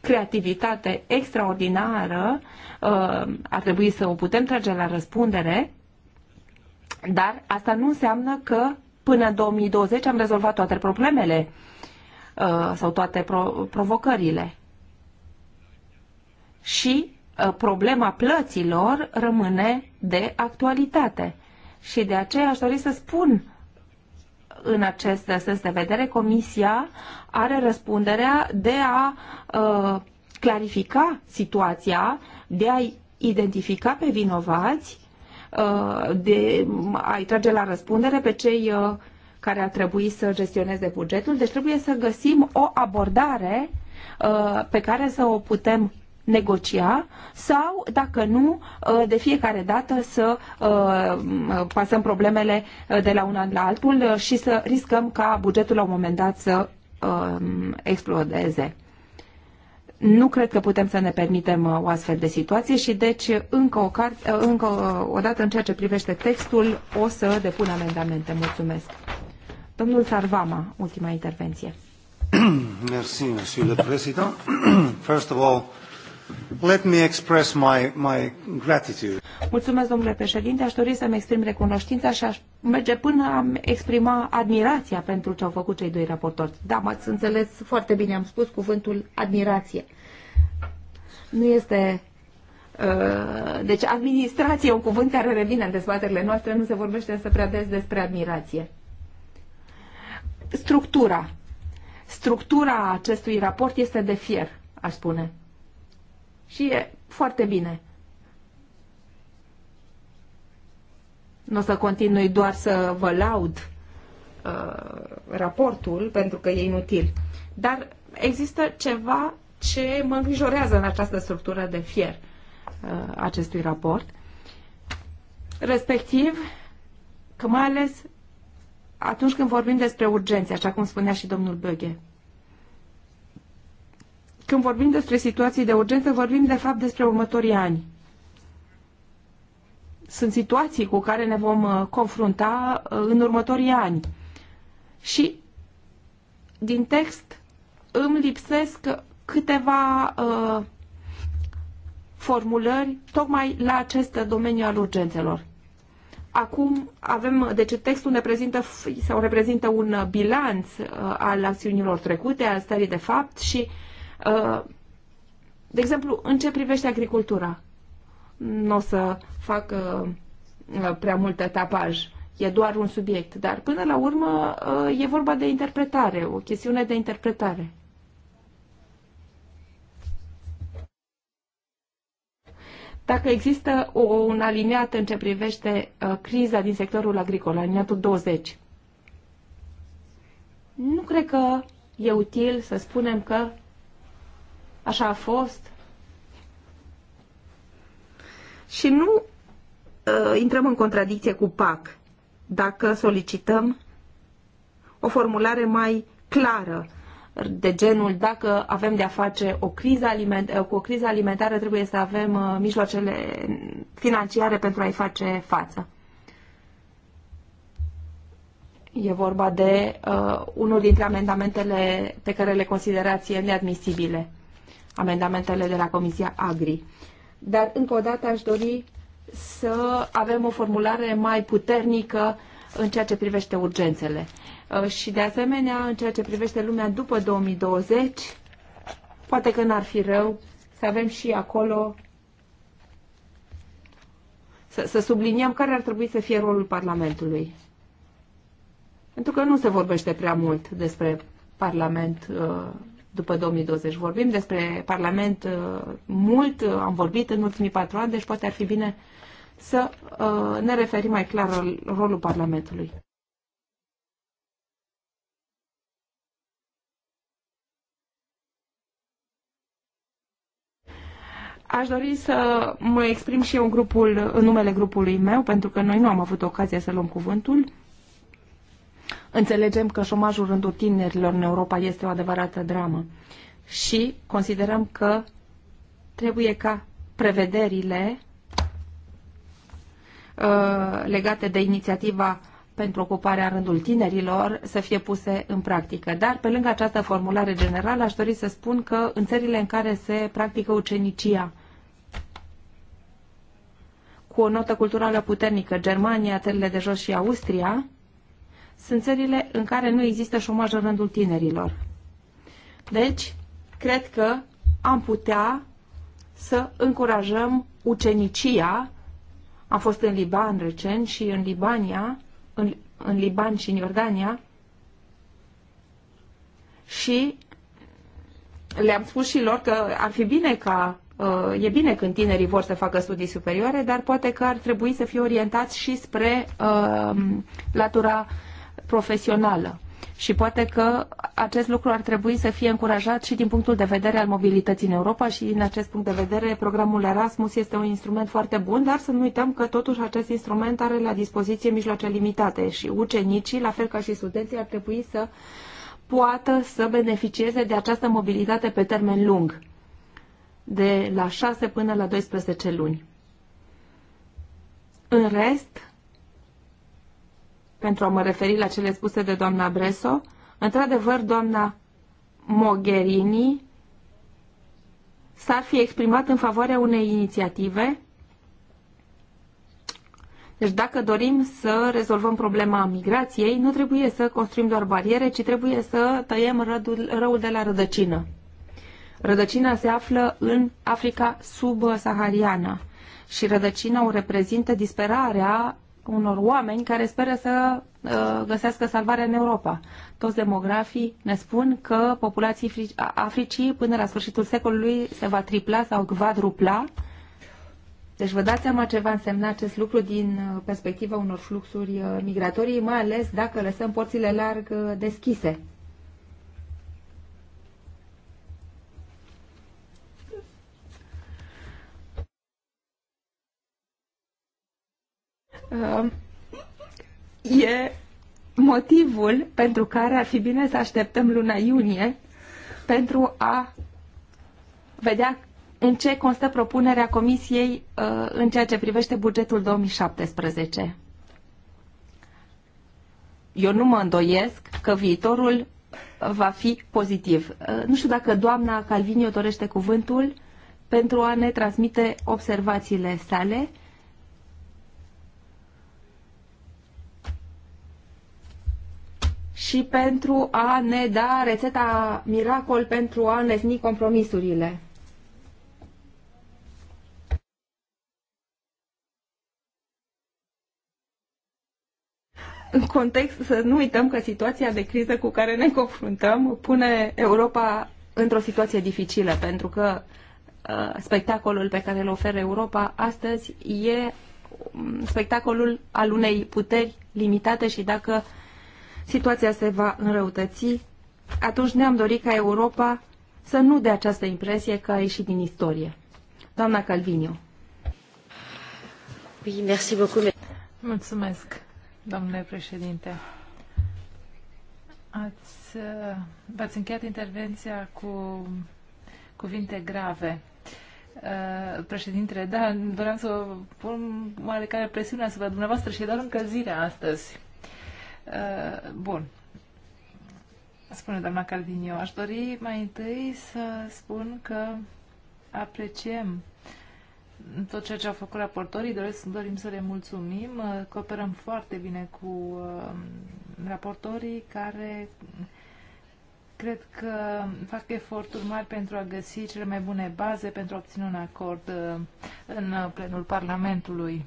creativitate extraordinară, ar trebui să o putem trage la răspundere, dar asta nu înseamnă că până în 2020 am rezolvat toate problemele Uh, sau toate provocările. Și uh, problema plăților rămâne de actualitate. Și de aceea aș dori să spun în acest sens de vedere, Comisia are răspunderea de a uh, clarifica situația, de a identifica pe vinovați, uh, de a-i trage la răspundere pe cei uh, care ar trebui să gestioneze bugetul, deci trebuie să găsim o abordare uh, pe care să o putem negocia sau, dacă nu, uh, de fiecare dată să uh, pasăm problemele de la un an la altul și să riscăm ca bugetul la un moment dat să explodeze. Nu cred că putem să ne permitem o astfel de situație și deci încă o, car- încă o dată în ceea ce privește textul o să depun amendamente. Mulțumesc! Domnul Sarvama, ultima intervenție. <clears throat> Merci, Monsieur le Président. <clears throat> First of all, let me express my, my gratitude. Mulțumesc, domnule președinte. Aș dori să-mi exprim recunoștința și aș merge până a exprima admirația pentru ce au făcut cei doi raportori. Da, m-ați înțeles foarte bine, am spus cuvântul admirație. Nu este uh, deci administrație un cuvânt care revine în dezbaterile noastre, nu se vorbește însă prea des despre admirație structura. Structura acestui raport este de fier, aș spune. Și e foarte bine. Nu o să continui doar să vă laud uh, raportul, pentru că e inutil. Dar există ceva ce mă îngrijorează în această structură de fier uh, acestui raport, respectiv că mai ales atunci când vorbim despre urgențe, așa cum spunea și domnul Băghe, când vorbim despre situații de urgență, vorbim de fapt despre următorii ani. Sunt situații cu care ne vom uh, confrunta uh, în următorii ani. Și din text îmi lipsesc câteva uh, formulări tocmai la acest domeniu al urgențelor. Acum avem, deci textul ne prezintă sau reprezintă un bilanț uh, al acțiunilor trecute, al stării de fapt și, uh, de exemplu, în ce privește agricultura. Nu o să fac uh, prea mult tapaj, e doar un subiect, dar până la urmă e vorba de interpretare, o chestiune de interpretare. Dacă există o, un aliniat în ce privește uh, criza din sectorul agricol, aliniatul 20, nu cred că e util să spunem că așa a fost și nu uh, intrăm în contradicție cu PAC dacă solicităm o formulare mai clară de genul dacă avem de a face o criză aliment- eh, cu o criză alimentară, trebuie să avem eh, mijloacele financiare pentru a-i face față. E vorba de uh, unul dintre amendamentele pe care le considerați neadmisibile, amendamentele de la Comisia Agri. Dar, încă o dată, aș dori să avem o formulare mai puternică în ceea ce privește urgențele. Uh, și de asemenea în ceea ce privește lumea după 2020, poate că n-ar fi rău să avem și acolo să, să subliniem care ar trebui să fie rolul Parlamentului. Pentru că nu se vorbește prea mult despre Parlament uh, după 2020. Vorbim despre Parlament uh, mult, am vorbit în ultimii patru ani, deci poate ar fi bine să ne referim mai clar rolul Parlamentului. Aș dori să mă exprim și eu în, grupul, în numele grupului meu, pentru că noi nu am avut ocazia să luăm cuvântul. Înțelegem că șomajul rândul tinerilor în Europa este o adevărată dramă și considerăm că trebuie ca prevederile uh, legate de inițiativa pentru ocuparea rândul tinerilor să fie puse în practică. Dar, pe lângă această formulare generală, aș dori să spun că în țările în care se practică ucenicia cu o notă culturală puternică, Germania, țările de jos și Austria, sunt țările în care nu există șomaj în rândul tinerilor. Deci, cred că am putea să încurajăm ucenicia. Am fost în Liban recent și în Libania, în, în Liban și în Iordania și le-am spus și lor că ar fi bine ca Uh, e bine când tinerii vor să facă studii superioare, dar poate că ar trebui să fie orientați și spre uh, latura profesională. Și poate că acest lucru ar trebui să fie încurajat și din punctul de vedere al mobilității în Europa și din acest punct de vedere programul Erasmus este un instrument foarte bun, dar să nu uităm că totuși acest instrument are la dispoziție mijloace limitate și ucenicii, la fel ca și studenții, ar trebui să poată să beneficieze de această mobilitate pe termen lung de la 6 până la 12 luni. În rest, pentru a mă referi la cele spuse de doamna Breso, într-adevăr, doamna Mogherini s-ar fi exprimat în favoarea unei inițiative. Deci dacă dorim să rezolvăm problema migrației, nu trebuie să construim doar bariere, ci trebuie să tăiem răul de la rădăcină. Rădăcina se află în Africa subsahariană și rădăcina o reprezintă disperarea unor oameni care speră să uh, găsească salvarea în Europa. Toți demografii ne spun că populația Africii până la sfârșitul secolului se va tripla sau quadrupla. Deci vă dați seama ce va însemna acest lucru din uh, perspectiva unor fluxuri uh, migratorii, mai ales dacă lăsăm porțile larg uh, deschise Uh, e motivul pentru care ar fi bine să așteptăm luna iunie pentru a vedea în ce constă propunerea Comisiei uh, în ceea ce privește bugetul 2017. Eu nu mă îndoiesc că viitorul va fi pozitiv. Uh, nu știu dacă doamna Calvinio dorește cuvântul pentru a ne transmite observațiile sale și pentru a ne da rețeta miracol pentru a înlesni compromisurile. în context, să nu uităm că situația de criză cu care ne confruntăm pune Europa într-o situație dificilă, pentru că uh, spectacolul pe care îl oferă Europa astăzi e um, spectacolul al unei puteri limitate și dacă situația se va înrăutăți, atunci ne-am dorit ca Europa să nu dea această impresie că a ieșit din istorie. Doamna Calvinio. Mulțumesc, domnule președinte. Ați, v-ați încheiat intervenția cu cuvinte grave. Uh, președintele, da, doream să pun oarecare presiune asupra dumneavoastră și e doar încălzirea astăzi. Uh, bun. Spune doamna Caldinio, aș dori mai întâi să spun că apreciem tot ceea ce au făcut raportorii, doresc, dorim să le mulțumim. Uh, cooperăm foarte bine cu uh, raportorii care cred că fac eforturi mari pentru a găsi cele mai bune baze pentru a obține un acord în plenul Parlamentului.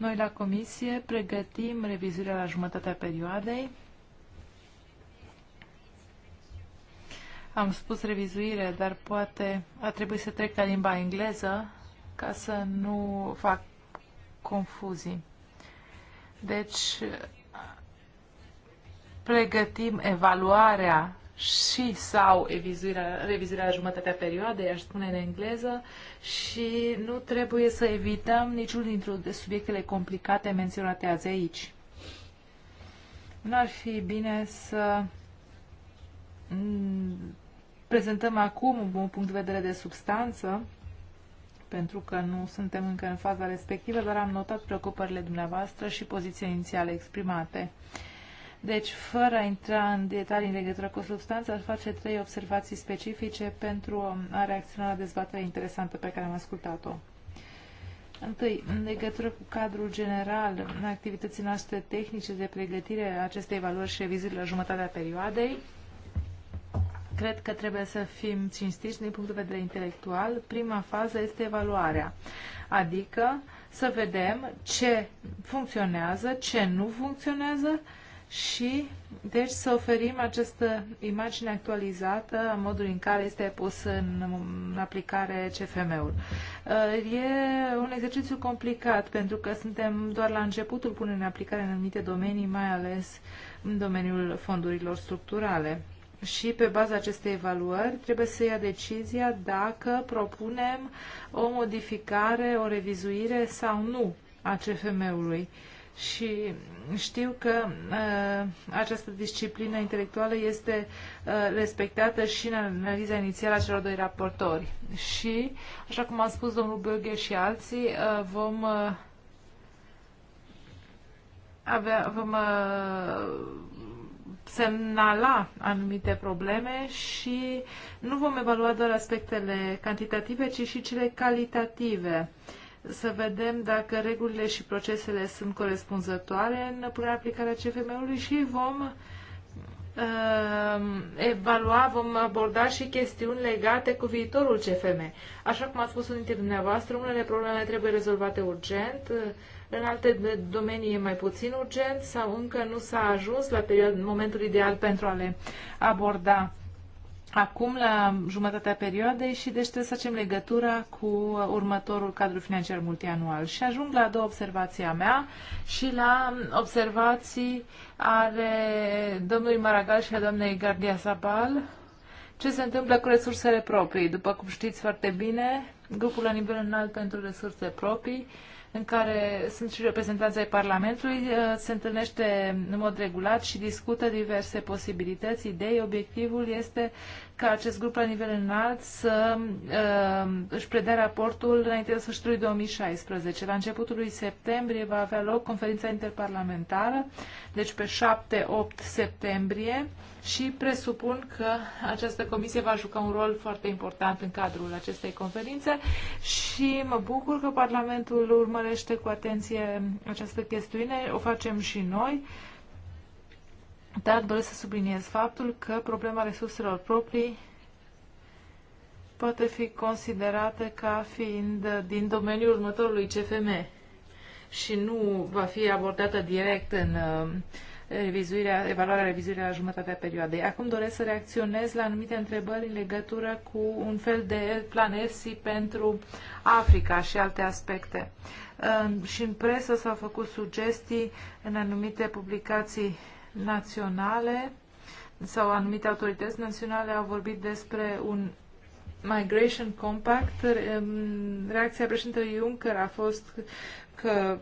Noi la comisie pregătim revizuirea la jumătatea perioadei. Am spus revizuire, dar poate a trebuit să trec la limba engleză ca să nu fac confuzii. Deci, pregătim evaluarea și sau revizuirea, revizuirea la jumătatea perioadei, aș spune în engleză, și nu trebuie să evităm niciunul dintre subiectele complicate menționate azi aici. Nu ar fi bine să mm, prezentăm acum un punct de vedere de substanță, pentru că nu suntem încă în faza respectivă, dar am notat preocupările dumneavoastră și poziția inițială exprimate. Deci, fără a intra în detalii în legătură cu substanța, aș face trei observații specifice pentru a reacționa la dezbaterea interesantă pe care am ascultat-o. Întâi, în legătură cu cadrul general în activității noastre tehnice de pregătire a acestei valori și revizuri la jumătatea perioadei, cred că trebuie să fim cinstiți din punct de vedere intelectual. Prima fază este evaluarea, adică să vedem ce funcționează, ce nu funcționează și deci să oferim această imagine actualizată a modului în care este pus în, aplicare CFM-ul. Uh, e un exercițiu complicat pentru că suntem doar la începutul punerii în aplicare în anumite domenii, mai ales în domeniul fondurilor structurale. Și pe baza acestei evaluări trebuie să ia decizia dacă propunem o modificare, o revizuire sau nu a CFM-ului și știu că uh, această disciplină intelectuală este uh, respectată și în analiza inițială a celor doi raportori. Și, așa cum a spus domnul Bărghe și alții, uh, vom uh, avea, vom uh, semnala anumite probleme și nu vom evalua doar aspectele cantitative, ci și cele calitative. Uh, să vedem dacă regulile și procesele sunt corespunzătoare în punerea aplicarea CFM-ului și vom uh, evalua, vom aborda și chestiuni legate cu viitorul CFM. Așa cum a spus unul dintre dumneavoastră, unele probleme trebuie rezolvate urgent, în alte domenii e mai puțin urgent sau încă nu s-a ajuns la perioada, momentul ideal pentru a le aborda acum la jumătatea perioadei și deci trebuie să facem legătura cu următorul cadru financiar multianual. Și ajung la a doua observație a mea și la observații ale domnului Maragal și a doamnei Gardia Sabal. Ce se întâmplă cu resursele proprii? După cum știți foarte bine, grupul la nivel înalt pentru resurse proprii în care sunt și reprezentanții Parlamentului, uh, se întâlnește în mod regulat și discută diverse posibilități, idei. Obiectivul este ca acest grup la nivel înalt să uh, își predea raportul înainte de sfârșitul 2016. La începutul lui septembrie va avea loc conferința interparlamentară, deci pe 7-8 septembrie și presupun că această comisie va juca un rol foarte important în cadrul acestei conferințe și mă bucur că Parlamentul urmărește cu atenție această chestiune, o facem și noi, dar doresc să subliniez faptul că problema resurselor proprii poate fi considerată ca fiind din domeniul următorului CFM și nu va fi abordată direct în uh, revizuirea, evaluarea revizuirea la jumătatea perioadei. Acum doresc să reacționez la anumite întrebări în legătură cu un fel de plan ESI pentru Africa și alte aspecte. Și în presă s-au făcut sugestii în anumite publicații naționale sau anumite autorități naționale au vorbit despre un Migration Compact. Um, reacția președintelui Juncker a fost că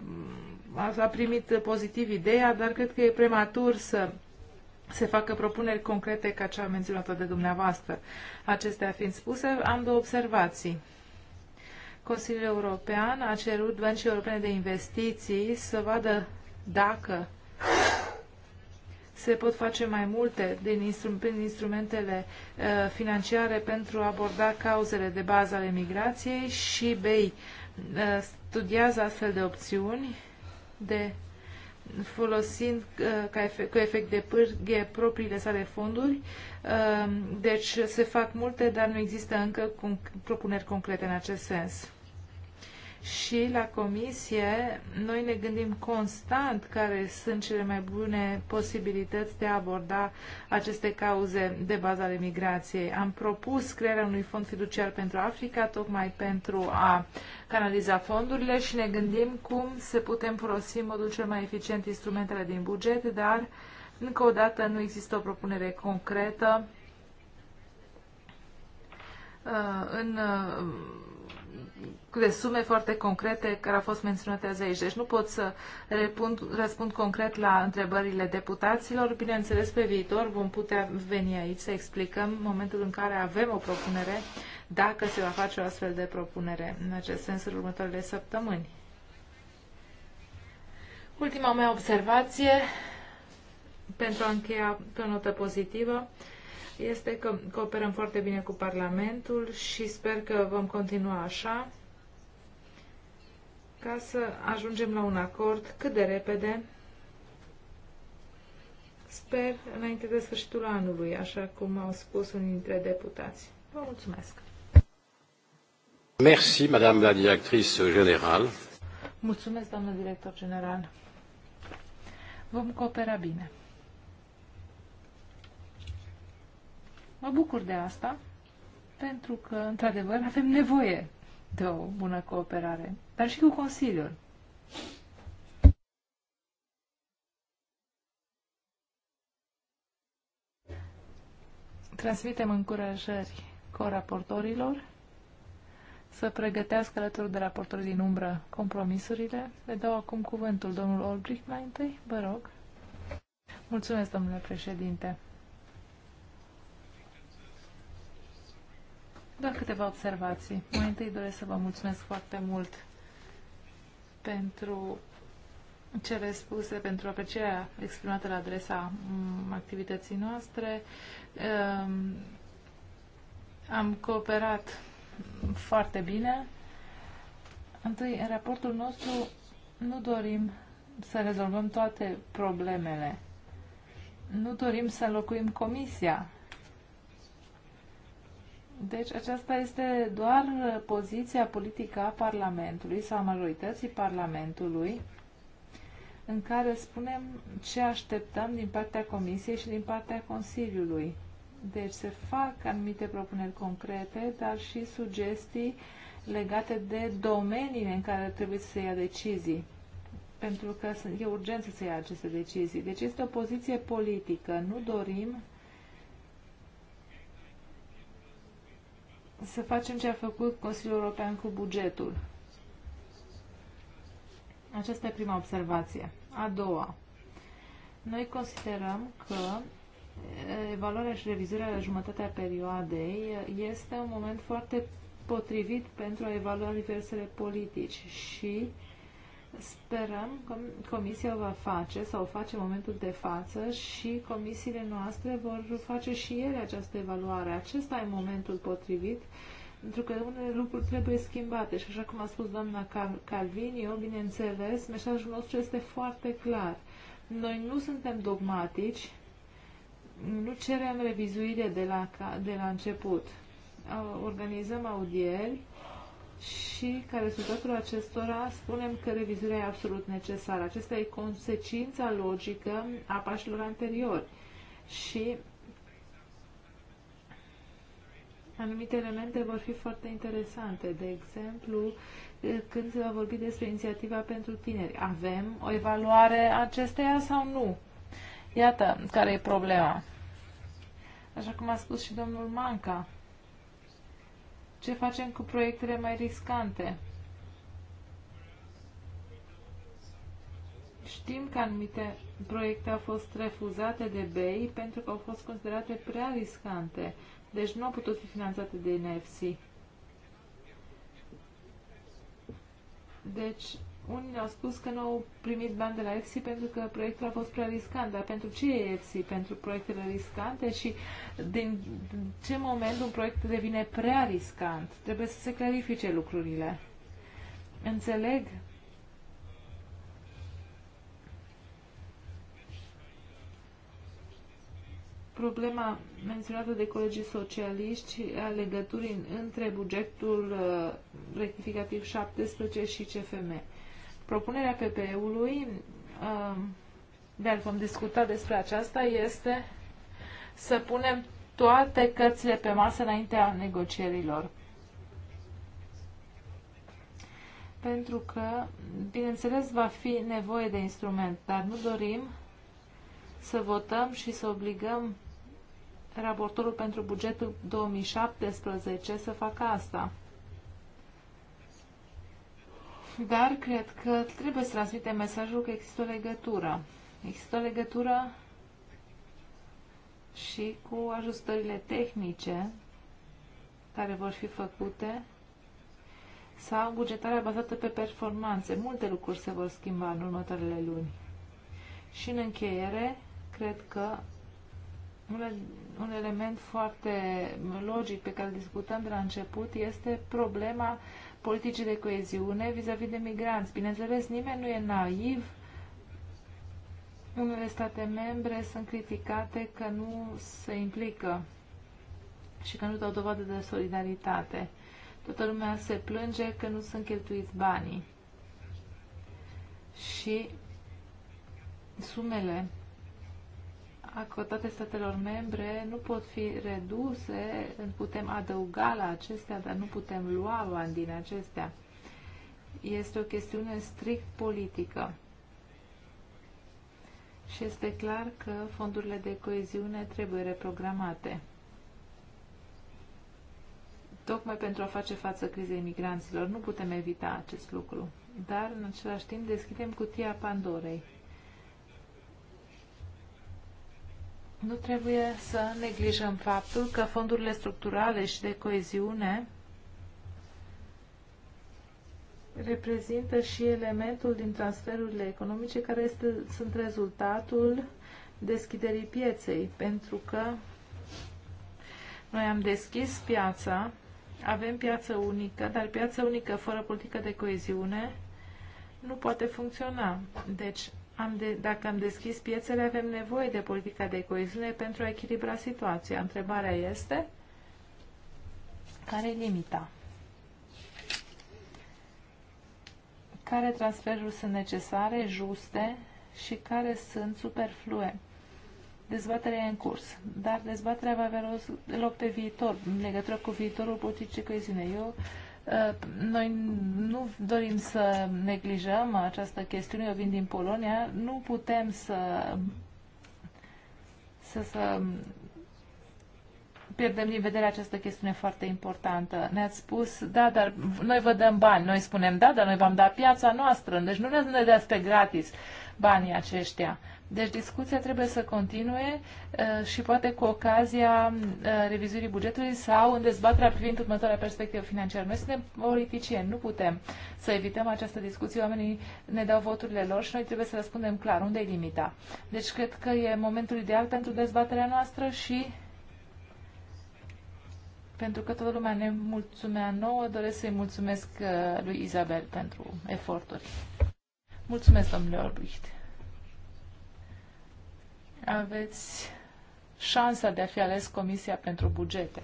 a primit pozitiv ideea, dar cred că e prematur să se facă propuneri concrete ca cea menționată de dumneavoastră. Acestea fiind spuse, am două observații. Consiliul European a cerut băncii europene de investiții să vadă dacă se pot face mai multe din instrumentele uh, financiare pentru a aborda cauzele de bază ale migrației și BEI uh, studiază astfel de opțiuni de folosind uh, ca efect, cu efect de pârghie propriile sale fonduri. Um, deci se fac multe, dar nu există încă propuneri concrete în acest sens și la comisie noi ne gândim constant care sunt cele mai bune posibilități de a aborda aceste cauze de bază ale migrației. Am propus crearea unui fond fiduciar pentru Africa, tocmai pentru a canaliza fondurile și ne gândim cum se putem folosi în modul cel mai eficient instrumentele din buget, dar încă o dată nu există o propunere concretă uh, în uh, de sume foarte concrete care au fost menționate azi aici. Deci nu pot să răspund, răspund concret la întrebările deputaților. Bineînțeles, pe viitor vom putea veni aici să explicăm momentul în care avem o propunere, dacă se va face o astfel de propunere în acest sens în următoarele săptămâni. Ultima mea observație, pentru a încheia pe o notă pozitivă, este că cooperăm foarte bine cu Parlamentul și sper că vom continua așa ca să ajungem la un acord cât de repede. Sper înainte de sfârșitul anului, așa cum au spus unii dintre deputați. Vă mulțumesc! Merci, Madame la Directrice générale. Mulțumesc, doamnă director general. Vom coopera bine. Mă bucur de asta, pentru că, într-adevăr, avem nevoie de o bună cooperare, dar și cu Consiliul. Transmitem încurajări coraportorilor să pregătească alături de raportorii din umbră compromisurile. Le dau acum cuvântul domnul Olbrich mai întâi, vă rog. Mulțumesc, domnule președinte. Doar câteva observații. Mai întâi doresc să vă mulțumesc foarte mult pentru cele spuse, pentru aprecierea exprimată la adresa mm, activității noastre. Ehm, am cooperat foarte bine. Întâi, în raportul nostru nu dorim să rezolvăm toate problemele. Nu dorim să înlocuim comisia deci aceasta este doar uh, poziția politică a Parlamentului sau a majorității Parlamentului în care spunem ce așteptăm din partea Comisiei și din partea Consiliului. Deci se fac anumite propuneri concrete, dar și sugestii legate de domeniile în care trebuie să se ia decizii. Pentru că e urgent să se ia aceste decizii. Deci este o poziție politică. Nu dorim să facem ce a făcut Consiliul European cu bugetul. Aceasta e prima observație. A doua, noi considerăm că evaluarea și revizuirea la jumătatea perioadei este un moment foarte potrivit pentru a evalua diversele politici și uh, Sperăm că Comisia va face sau face în momentul de față și comisiile noastre vor face și ele această evaluare. Acesta e momentul potrivit pentru că unele lucruri trebuie schimbate și așa cum a spus doamna Calvin, eu, bineînțeles, mesajul nostru este foarte clar. Noi nu suntem dogmatici, nu cerem revizuire de la, de la început. Organizăm audieri și ca rezultatul acestora spunem că revizuirea e absolut necesară. Acesta e consecința logică a pașilor anteriori și anumite elemente vor fi foarte interesante. De exemplu, când se va vorbi despre inițiativa pentru tineri, avem o evaluare acesteia sau nu? Iată care e problema. Așa cum a spus și domnul Manca ce facem cu proiectele mai riscante? Știm că anumite proiecte au fost refuzate de BEI pentru că au fost considerate prea riscante, deci nu au putut fi finanțate de NFC. Deci, unii au spus că nu au primit bani de la EFSI pentru că proiectul a fost prea riscant. Dar pentru ce e EFSI? Pentru proiectele riscante și din ce moment un proiect devine prea riscant? Trebuie să se clarifice lucrurile. Înțeleg problema menționată de colegii socialiști a legăturii între bugetul uh, rectificativ 17 și CFM. Propunerea PPE-ului, um, dar vom discuta despre aceasta, este să punem toate cărțile pe masă înaintea negocierilor. Pentru că, bineînțeles, va fi nevoie de instrument, dar nu dorim să votăm și să obligăm raportorul pentru bugetul 2017 să facă asta dar cred că trebuie să transmitem mesajul că există o legătură. Există o legătură și cu ajustările tehnice care vor fi făcute sau bugetarea bazată pe performanțe. Multe lucruri se vor schimba în următoarele luni. Și în încheiere, cred că un, un element foarte logic pe care discutăm de la început este problema uh, politicii de coeziune vis-a-vis -vis de migranți. Bineînțeles, nimeni nu e naiv. Unele state membre sunt criticate că nu se implică și că nu dau dovadă de solidaritate. Toată lumea se plânge că nu sunt cheltuiți banii. Și sumele acordate statelor membre nu pot fi reduse, putem adăuga la acestea, dar nu putem lua bani din acestea. Este o chestiune strict politică. Și este clar că fondurile de coeziune trebuie reprogramate. Tocmai pentru a face față crizei migranților, nu putem evita acest lucru. Dar, în același timp, deschidem cutia Pandorei. Nu trebuie să neglijăm faptul că fondurile structurale și de coeziune reprezintă și elementul din transferurile economice care este, sunt rezultatul deschiderii pieței, pentru că noi am deschis piața, avem piață unică, dar piața unică fără politică de coeziune nu poate funcționa. Deci, am de, dacă am deschis piețele, avem nevoie de politica de coeziune pentru a echilibra situația. Întrebarea este, care e limita? Care transferuri sunt necesare, juste și care sunt superflue? Dezbaterea e în curs, dar dezbaterea va avea loc pe viitor, în legătură cu viitorul politicii coeziune. Eu Uh, noi nu dorim să neglijăm această chestiune, eu vin din Polonia, nu putem să, să, să pierdem din vedere această chestiune foarte importantă. Ne-ați spus, da, dar noi vă dăm bani. Noi spunem, da, dar noi v-am dat piața noastră, deci nu ne dați pe gratis banii aceștia. Uh, deci discuția trebuie să continue uh, și poate cu ocazia uh, revizuirii bugetului sau în dezbaterea privind următoarea perspectivă financiară. Noi suntem politicieni, nu putem să evităm această discuție. Oamenii ne dau voturile lor și noi trebuie să răspundem clar unde e limita. Deci cred că e momentul ideal pentru dezbaterea noastră și pentru că toată lumea ne mulțumea nouă, doresc să-i mulțumesc uh, lui Izabel pentru eforturi. Mulțumesc, domnule Orbuiști aveți șansa de a fi ales Comisia pentru Bugete.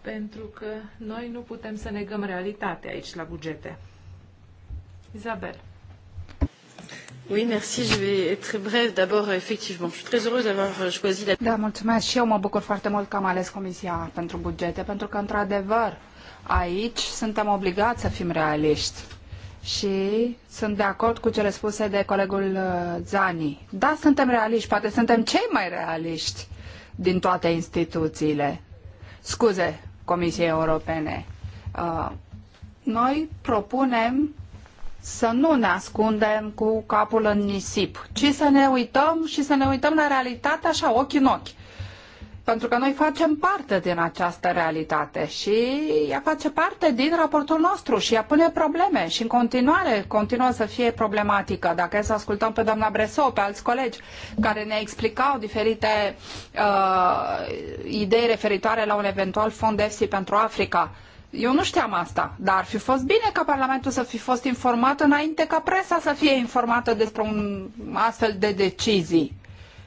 Pentru că noi nu putem să negăm realitatea aici la bugete. Isabel. Oui, merci. Je vais être très D'abord, effectivement, je suis très heureuse d'avoir euh, choisi la... Da, mulțumesc și eu mă bucur foarte mult că am ales Comisia pentru Bugete, pentru că, într-adevăr, aici suntem obligați să fim realiști și sunt de acord cu cele spuse de colegul uh, Zani. Da, suntem realiști, poate suntem cei mai realiști din toate instituțiile. Scuze, Comisiei Europene. Uh, noi propunem să nu ne ascundem cu capul în nisip, ci să ne uităm și să ne uităm la realitate așa, ochi în ochi pentru că noi facem parte din această realitate și ea face parte din raportul nostru și ea pune probleme și în continuare continuă să fie problematică. Dacă e să ascultăm pe doamna Bresou, pe alți colegi care ne explicau diferite uh, idei referitoare la un eventual fond EFSI pentru Africa, eu nu știam asta, dar ar fi fost bine ca Parlamentul să fi fost informat înainte ca presa să fie informată despre un astfel de decizii.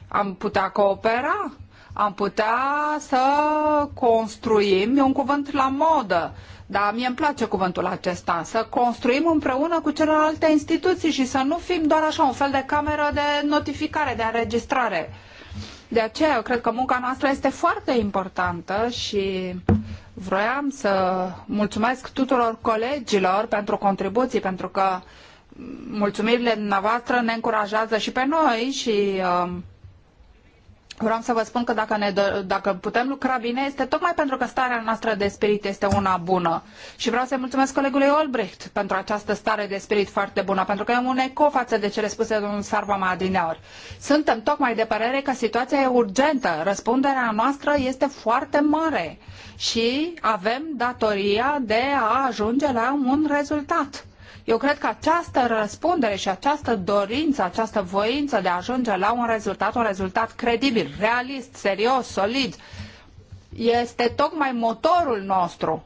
Am putea coopera am putea să construim, e un cuvânt la modă, dar mie îmi place cuvântul acesta, să construim împreună cu celelalte instituții și să nu fim doar așa un fel de cameră de notificare, de înregistrare. De aceea, eu cred că munca noastră este foarte importantă și vroiam să mulțumesc tuturor colegilor pentru contribuții, pentru că mulțumirile dumneavoastră ne încurajează și pe noi și uh, Vreau să vă spun că dacă, ne, dacă putem lucra bine este tocmai pentru că starea noastră de spirit este una bună. Și vreau să-i mulțumesc colegului Olbricht pentru această stare de spirit foarte bună, pentru că e un eco față de cele spuse de domnul Sarva Madineori. Suntem tocmai de părere că situația e urgentă, răspunderea noastră este foarte mare și avem datoria de a ajunge la un rezultat. Eu cred că această răspundere și această dorință, această voință de a ajunge la un rezultat, un rezultat credibil, realist, serios, solid, este tocmai motorul nostru.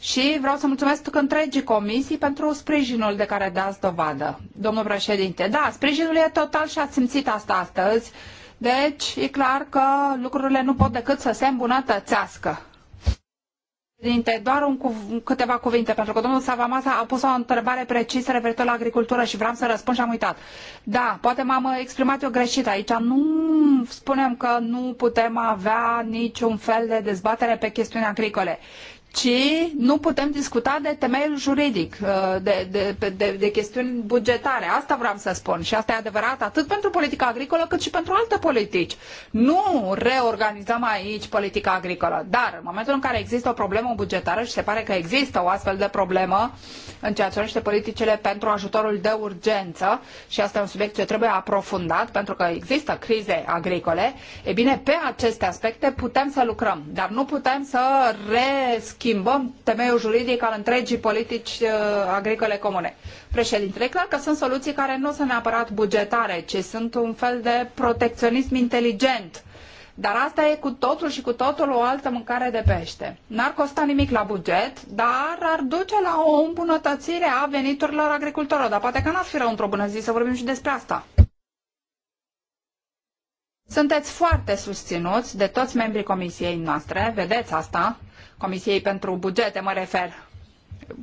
Și vreau să mulțumesc întregii comisii pentru sprijinul de care dați dovadă, domnul președinte. Da, sprijinul e total și ați simțit asta astăzi. Deci, e clar că lucrurile nu pot decât să se îmbunătățească. Președinte, doar un cuv- câteva cuvinte, pentru că domnul Savamasa a pus o întrebare precisă referitor la agricultură și vreau să răspund și am uitat. Da, poate m-am exprimat eu greșit aici. Nu spunem că nu putem avea niciun fel de dezbatere pe chestiuni agricole ci nu putem discuta de temeiul juridic, uh, de, de, de, de chestiuni bugetare. Asta vreau să spun și asta e adevărat atât pentru politica agricolă cât și pentru alte politici. Nu reorganizăm aici politica agricolă, dar în momentul în care există o problemă bugetară și se pare că există o astfel de problemă în ceea ce privește politicile pentru ajutorul de urgență și asta e un subiect ce trebuie aprofundat pentru că există crize agricole, e bine, pe aceste aspecte putem să lucrăm, dar nu putem să reschimbăm schimbăm temeiul juridic al întregii politici uh, agricole comune. Președintele, clar că sunt soluții care nu sunt neapărat bugetare, ci sunt un fel de protecționism inteligent. Dar asta e cu totul și cu totul o altă mâncare de pește. N-ar costa nimic la buget, dar ar duce la o îmbunătățire a veniturilor agricultorilor. Dar poate că n ar fi rău într-o bună zi să vorbim și despre asta. Sunteți foarte susținuți de toți membrii comisiei noastre, vedeți asta, Comisiei pentru Bugete, mă refer.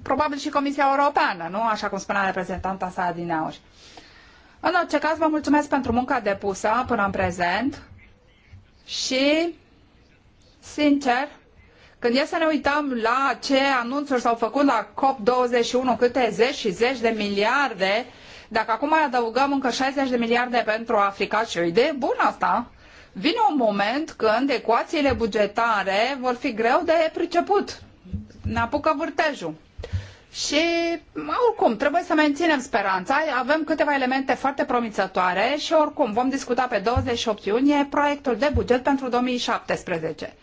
Probabil și Comisia Europeană, nu? Așa cum spunea reprezentanta sa din aur. În orice caz, vă mulțumesc pentru munca depusă până în prezent și, sincer, când e să ne uităm la ce anunțuri s-au făcut la COP21, câte zeci și zeci de miliarde, dacă acum adăugăm încă 60 de miliarde pentru Africa și o idee bună asta, vine un moment când ecuațiile bugetare vor fi greu de priceput. Ne apucă vârtejul. Și, oricum, trebuie să menținem speranța. Avem câteva elemente foarte promițătoare și, oricum, vom discuta pe 28 iunie proiectul de buget pentru 2017.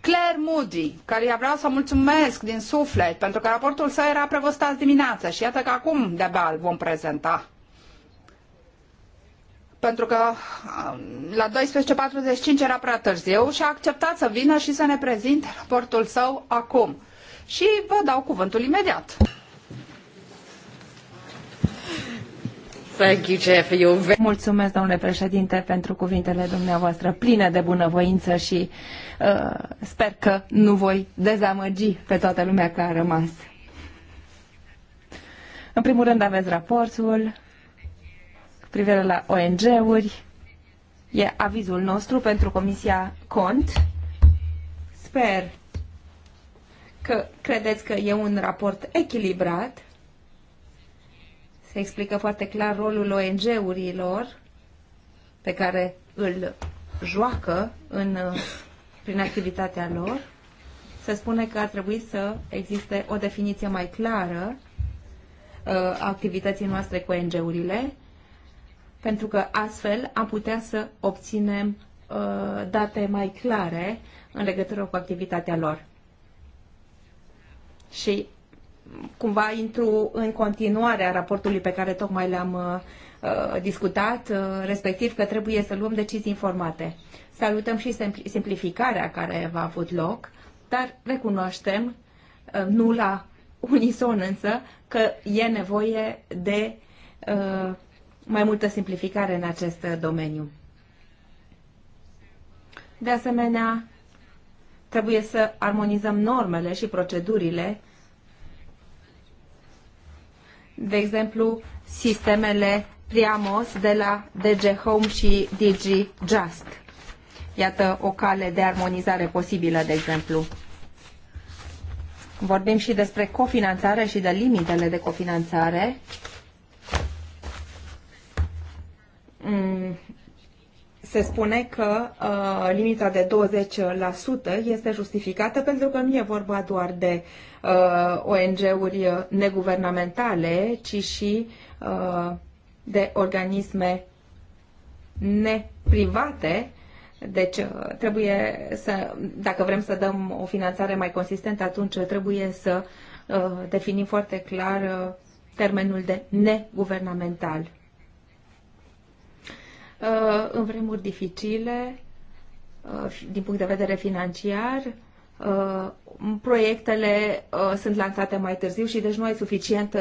Claire Moody, care i vreau să mulțumesc din suflet, pentru că raportul său era prevăzut azi dimineață și iată că acum de-abia îl vom prezenta pentru că la 12.45 era prea târziu și a acceptat să vină și să ne prezinte raportul său acum. Și vă dau cuvântul imediat. Mulțumesc, domnule președinte, pentru cuvintele dumneavoastră pline de bunăvoință și uh, sper că nu voi dezamăgi pe toată lumea care a rămas. În primul rând aveți raportul, privire la ONG-uri. E avizul nostru pentru Comisia Cont. Sper că credeți că e un raport echilibrat. Se explică foarte clar rolul ONG-urilor pe care îl joacă în, prin activitatea lor. Se spune că ar trebui să existe o definiție mai clară a uh, activității noastre cu ONG-urile pentru că astfel am putea să obținem uh, date mai clare în legătură cu activitatea lor. Și cumva intru în continuare a raportului pe care tocmai l-am uh, uh, discutat, respectiv că trebuie să luăm decizii informate. Salutăm și simplificarea care va avut loc, dar recunoaștem, nu la unison însă, că e nevoie de mai multă simplificare în acest uh, domeniu. De asemenea, trebuie să armonizăm normele și procedurile, de exemplu, sistemele Priamos de la DG Home și DG Just. Iată o cale de armonizare posibilă, de exemplu. Vorbim și despre cofinanțare și de limitele de cofinanțare Mm, se spune că uh, limita de 20% este justificată pentru că nu e vorba doar de uh, ONG-uri neguvernamentale, ci și uh, de organisme neprivate. Deci uh, trebuie să, dacă vrem să dăm o finanțare mai consistentă, atunci trebuie să uh, definim foarte clar uh, termenul de neguvernamental Uh, în vremuri dificile uh, din punct de vedere financiar. Uh, proiectele sunt lansate mai târziu și deci nu ai suficient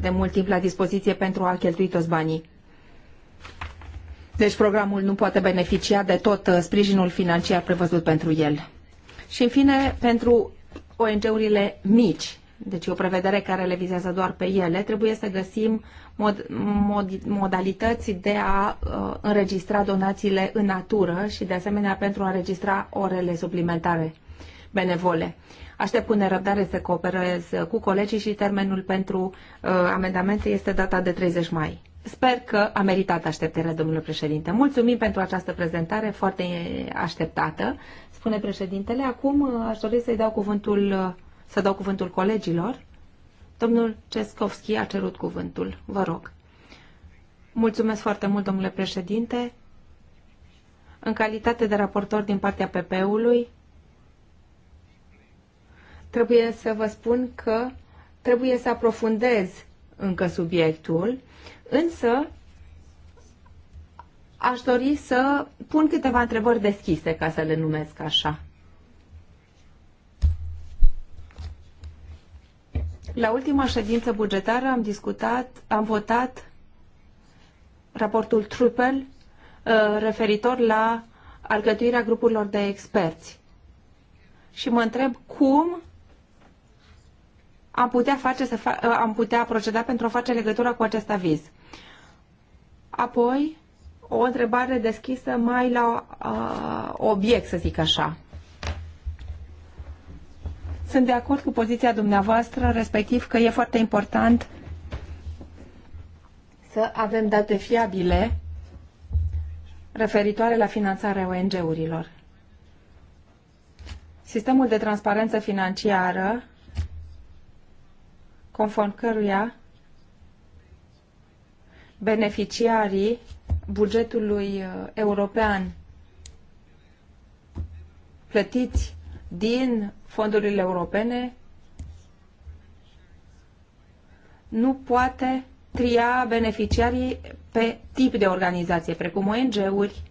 de mult timp la dispoziție pentru a cheltui toți banii. Deci programul nu poate beneficia de tot sprijinul financiar prevăzut pentru el. Și în fine, pentru ONG-urile mici, deci e o prevedere care le vizează doar pe ele, trebuie să găsim mod, mod, modalități de a uh, înregistra donațiile în natură și de asemenea pentru a înregistra orele suplimentare benevole. Aștept cu nerăbdare să cooperez cu colegii și termenul pentru uh, amendamente este data de 30 mai. Sper că a meritat așteptarea, domnule președinte. Mulțumim pentru această prezentare foarte așteptată, spune președintele. Acum uh, aș dori să-i dau cuvântul uh, să dau cuvântul colegilor. Domnul Cescovski a cerut cuvântul. Vă rog. Mulțumesc foarte mult, domnule președinte. În calitate de raportor din partea PP-ului, trebuie să vă spun că trebuie să aprofundez încă subiectul, însă aș dori să pun câteva întrebări deschise, ca să le numesc așa. La ultima ședință bugetară am discutat, am votat raportul Truppel uh, referitor la alcătuirea grupurilor de experți. Și mă întreb cum am putea, face să fa- uh, am putea proceda pentru a face legătura cu acest aviz. Apoi, o întrebare deschisă mai la uh, obiect, să zic așa. Sunt de acord cu poziția dumneavoastră, respectiv că e foarte important să avem date fiabile referitoare la finanțarea ONG-urilor. Sistemul de transparență financiară, conform căruia beneficiarii bugetului uh, european plătiți din fondurile europene nu poate tria beneficiarii pe tip de organizație, precum ONG-uri,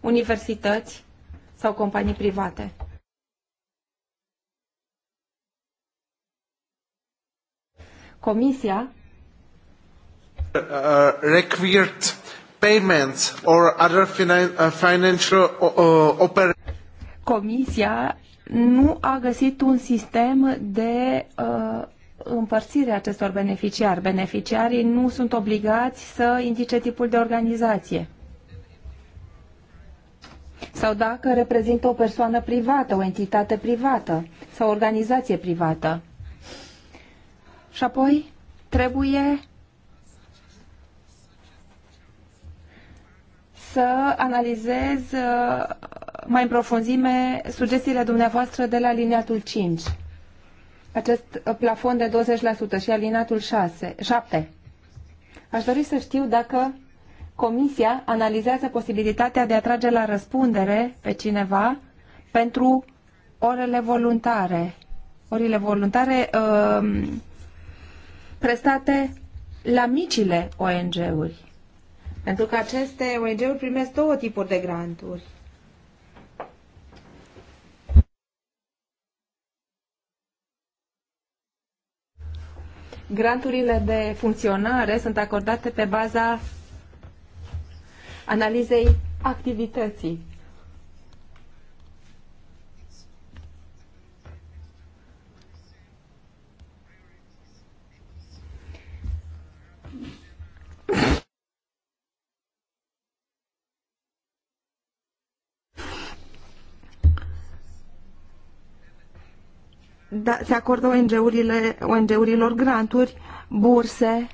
universități sau companii private. Comisia uh, required payments or other uh, financial uh, operations. Comisia nu a găsit un sistem de uh, împărțire acestor beneficiari. Beneficiarii nu sunt obligați să indice tipul de organizație. Sau dacă reprezintă o persoană privată, o entitate privată sau o organizație privată. Și apoi trebuie să analizez uh, mai în profunzime sugestiile dumneavoastră de la liniatul 5, acest uh, plafon de 20% și alinatul 6, 7. Aș dori să știu dacă Comisia analizează posibilitatea de a trage la răspundere pe cineva pentru orele voluntare, orele voluntare um, prestate la micile ONG-uri. Pentru că aceste ONG-uri primesc două tipuri de granturi. Granturile de funcționare sunt acordate pe baza analizei activității da, se acordă ONG-urile, ONG-urilor granturi, burse.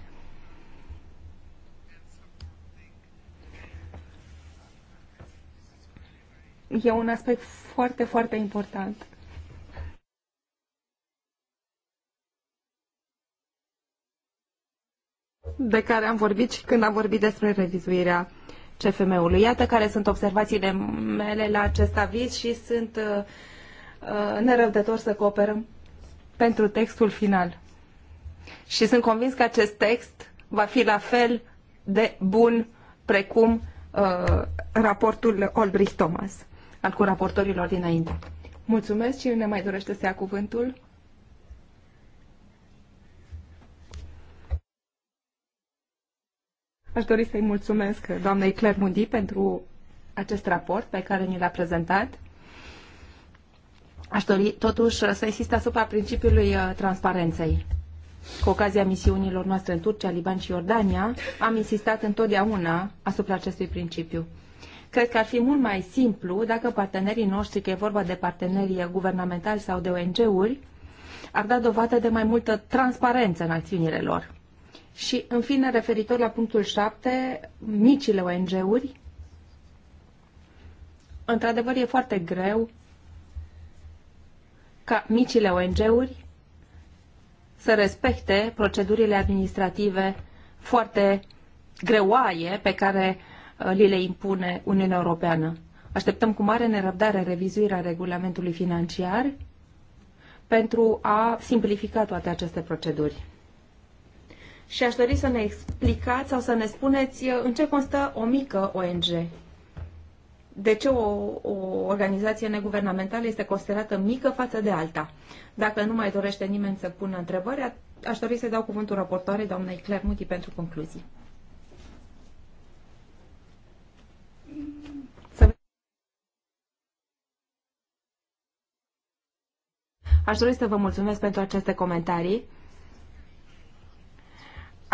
E un aspect foarte, foarte important. de care am vorbit și când am vorbit despre revizuirea CFM-ului. Iată care sunt observațiile mele la acest aviz și sunt uh, uh nerăbdător să cooperăm pentru textul final. Și sunt convins că acest text va fi la fel de bun precum uh, raportul Olbrich Thomas al raportorilor dinainte. Mulțumesc și ne mai dorește să ia cuvântul. Aș dori să-i mulțumesc doamnei Claire Mundi pentru acest raport pe care ni l-a prezentat. Aș dori totuși să insist asupra principiului uh, transparenței. Cu ocazia misiunilor noastre în Turcia, Liban și Iordania, am insistat întotdeauna asupra acestui principiu. Cred că ar fi mult mai simplu dacă partenerii noștri, că e vorba de partenerii guvernamentali sau de ONG-uri, ar da dovadă de mai multă transparență în acțiunile lor. Și, în fine, referitor la punctul 7, micile ONG-uri, într-adevăr e foarte greu ca micile ONG-uri să respecte procedurile administrative foarte greoaie pe care uh, li le impune Uniunea Europeană. Așteptăm cu mare nerăbdare revizuirea regulamentului financiar pentru a simplifica toate aceste proceduri. Și aș dori să ne explicați sau să ne spuneți uh, în ce constă o mică ONG de ce o, o organizație neguvernamentală este considerată mică față de alta. Dacă nu mai dorește nimeni să pună întrebări, aș dori să dau cuvântul raportoarei doamnei Claire Muti pentru concluzii. Aș dori să vă mulțumesc pentru aceste comentarii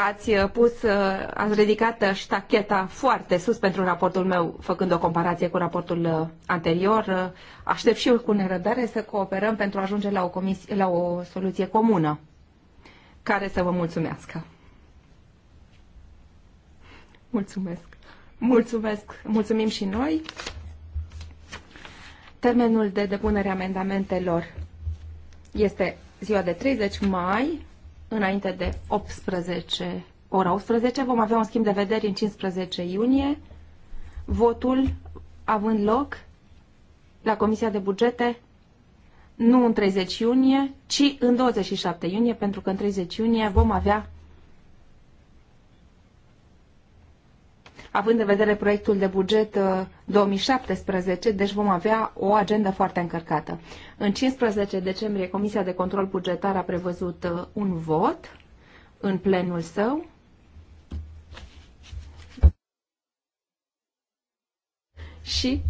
ați uh, pus, uh, ați ridicat uh, ștacheta foarte sus pentru raportul meu, făcând o comparație cu raportul anterior. Aștept și eu cu nerăbdare să cooperăm pentru a ajunge la o, comis- la o soluție comună care să vă mulțumească. Mulțumesc. Mulțumesc. Mulțumim și noi. Termenul de depunere amendamentelor este ziua de 30 mai înainte de 18, ora 18. Vom avea un schimb de vederi în 15 iunie. Votul având loc la Comisia de Bugete nu în 30 iunie, ci în 27 iunie, pentru că în 30 iunie vom avea având în vedere proiectul de buget 2017, uh, deci vom avea o agendă foarte încărcată. În 15 decembrie, Comisia de Control Bugetar a prevăzut uh, un vot în plenul său. Și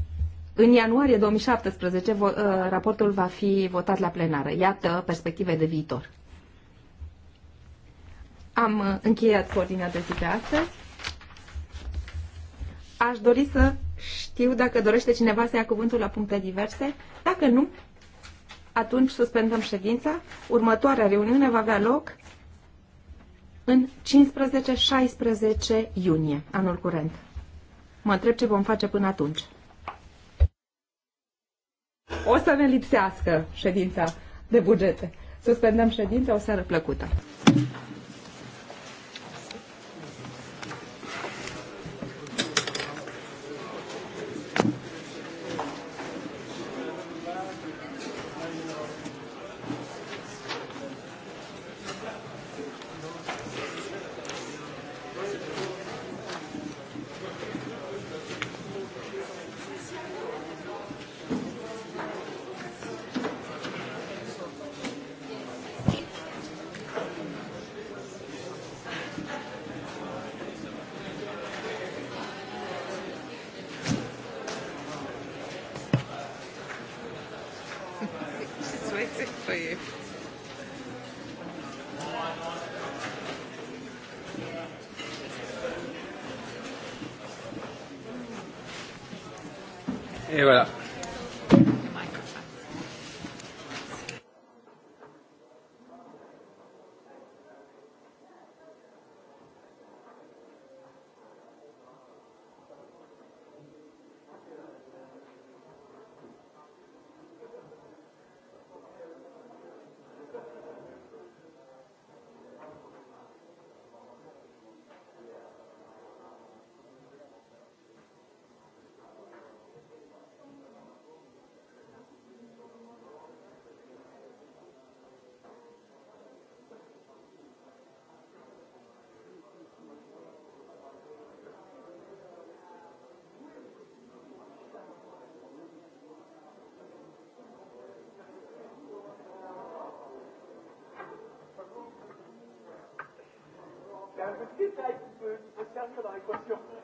în ianuarie 2017 uh, raportul va fi votat la plenară. Iată perspective de viitor. Am încheiat coordinatele de astăzi. Aș dori să știu dacă dorește cineva să ia cuvântul la puncte diverse. Dacă nu, atunci suspendăm ședința. Următoarea reuniune va avea loc în 15-16 iunie, anul curent. Mă întreb ce vom face până atunci. O să ne lipsească ședința de bugete. Suspendăm ședința, o seară plăcută. euh, détail qui peut, qui peut servir dans l'équation.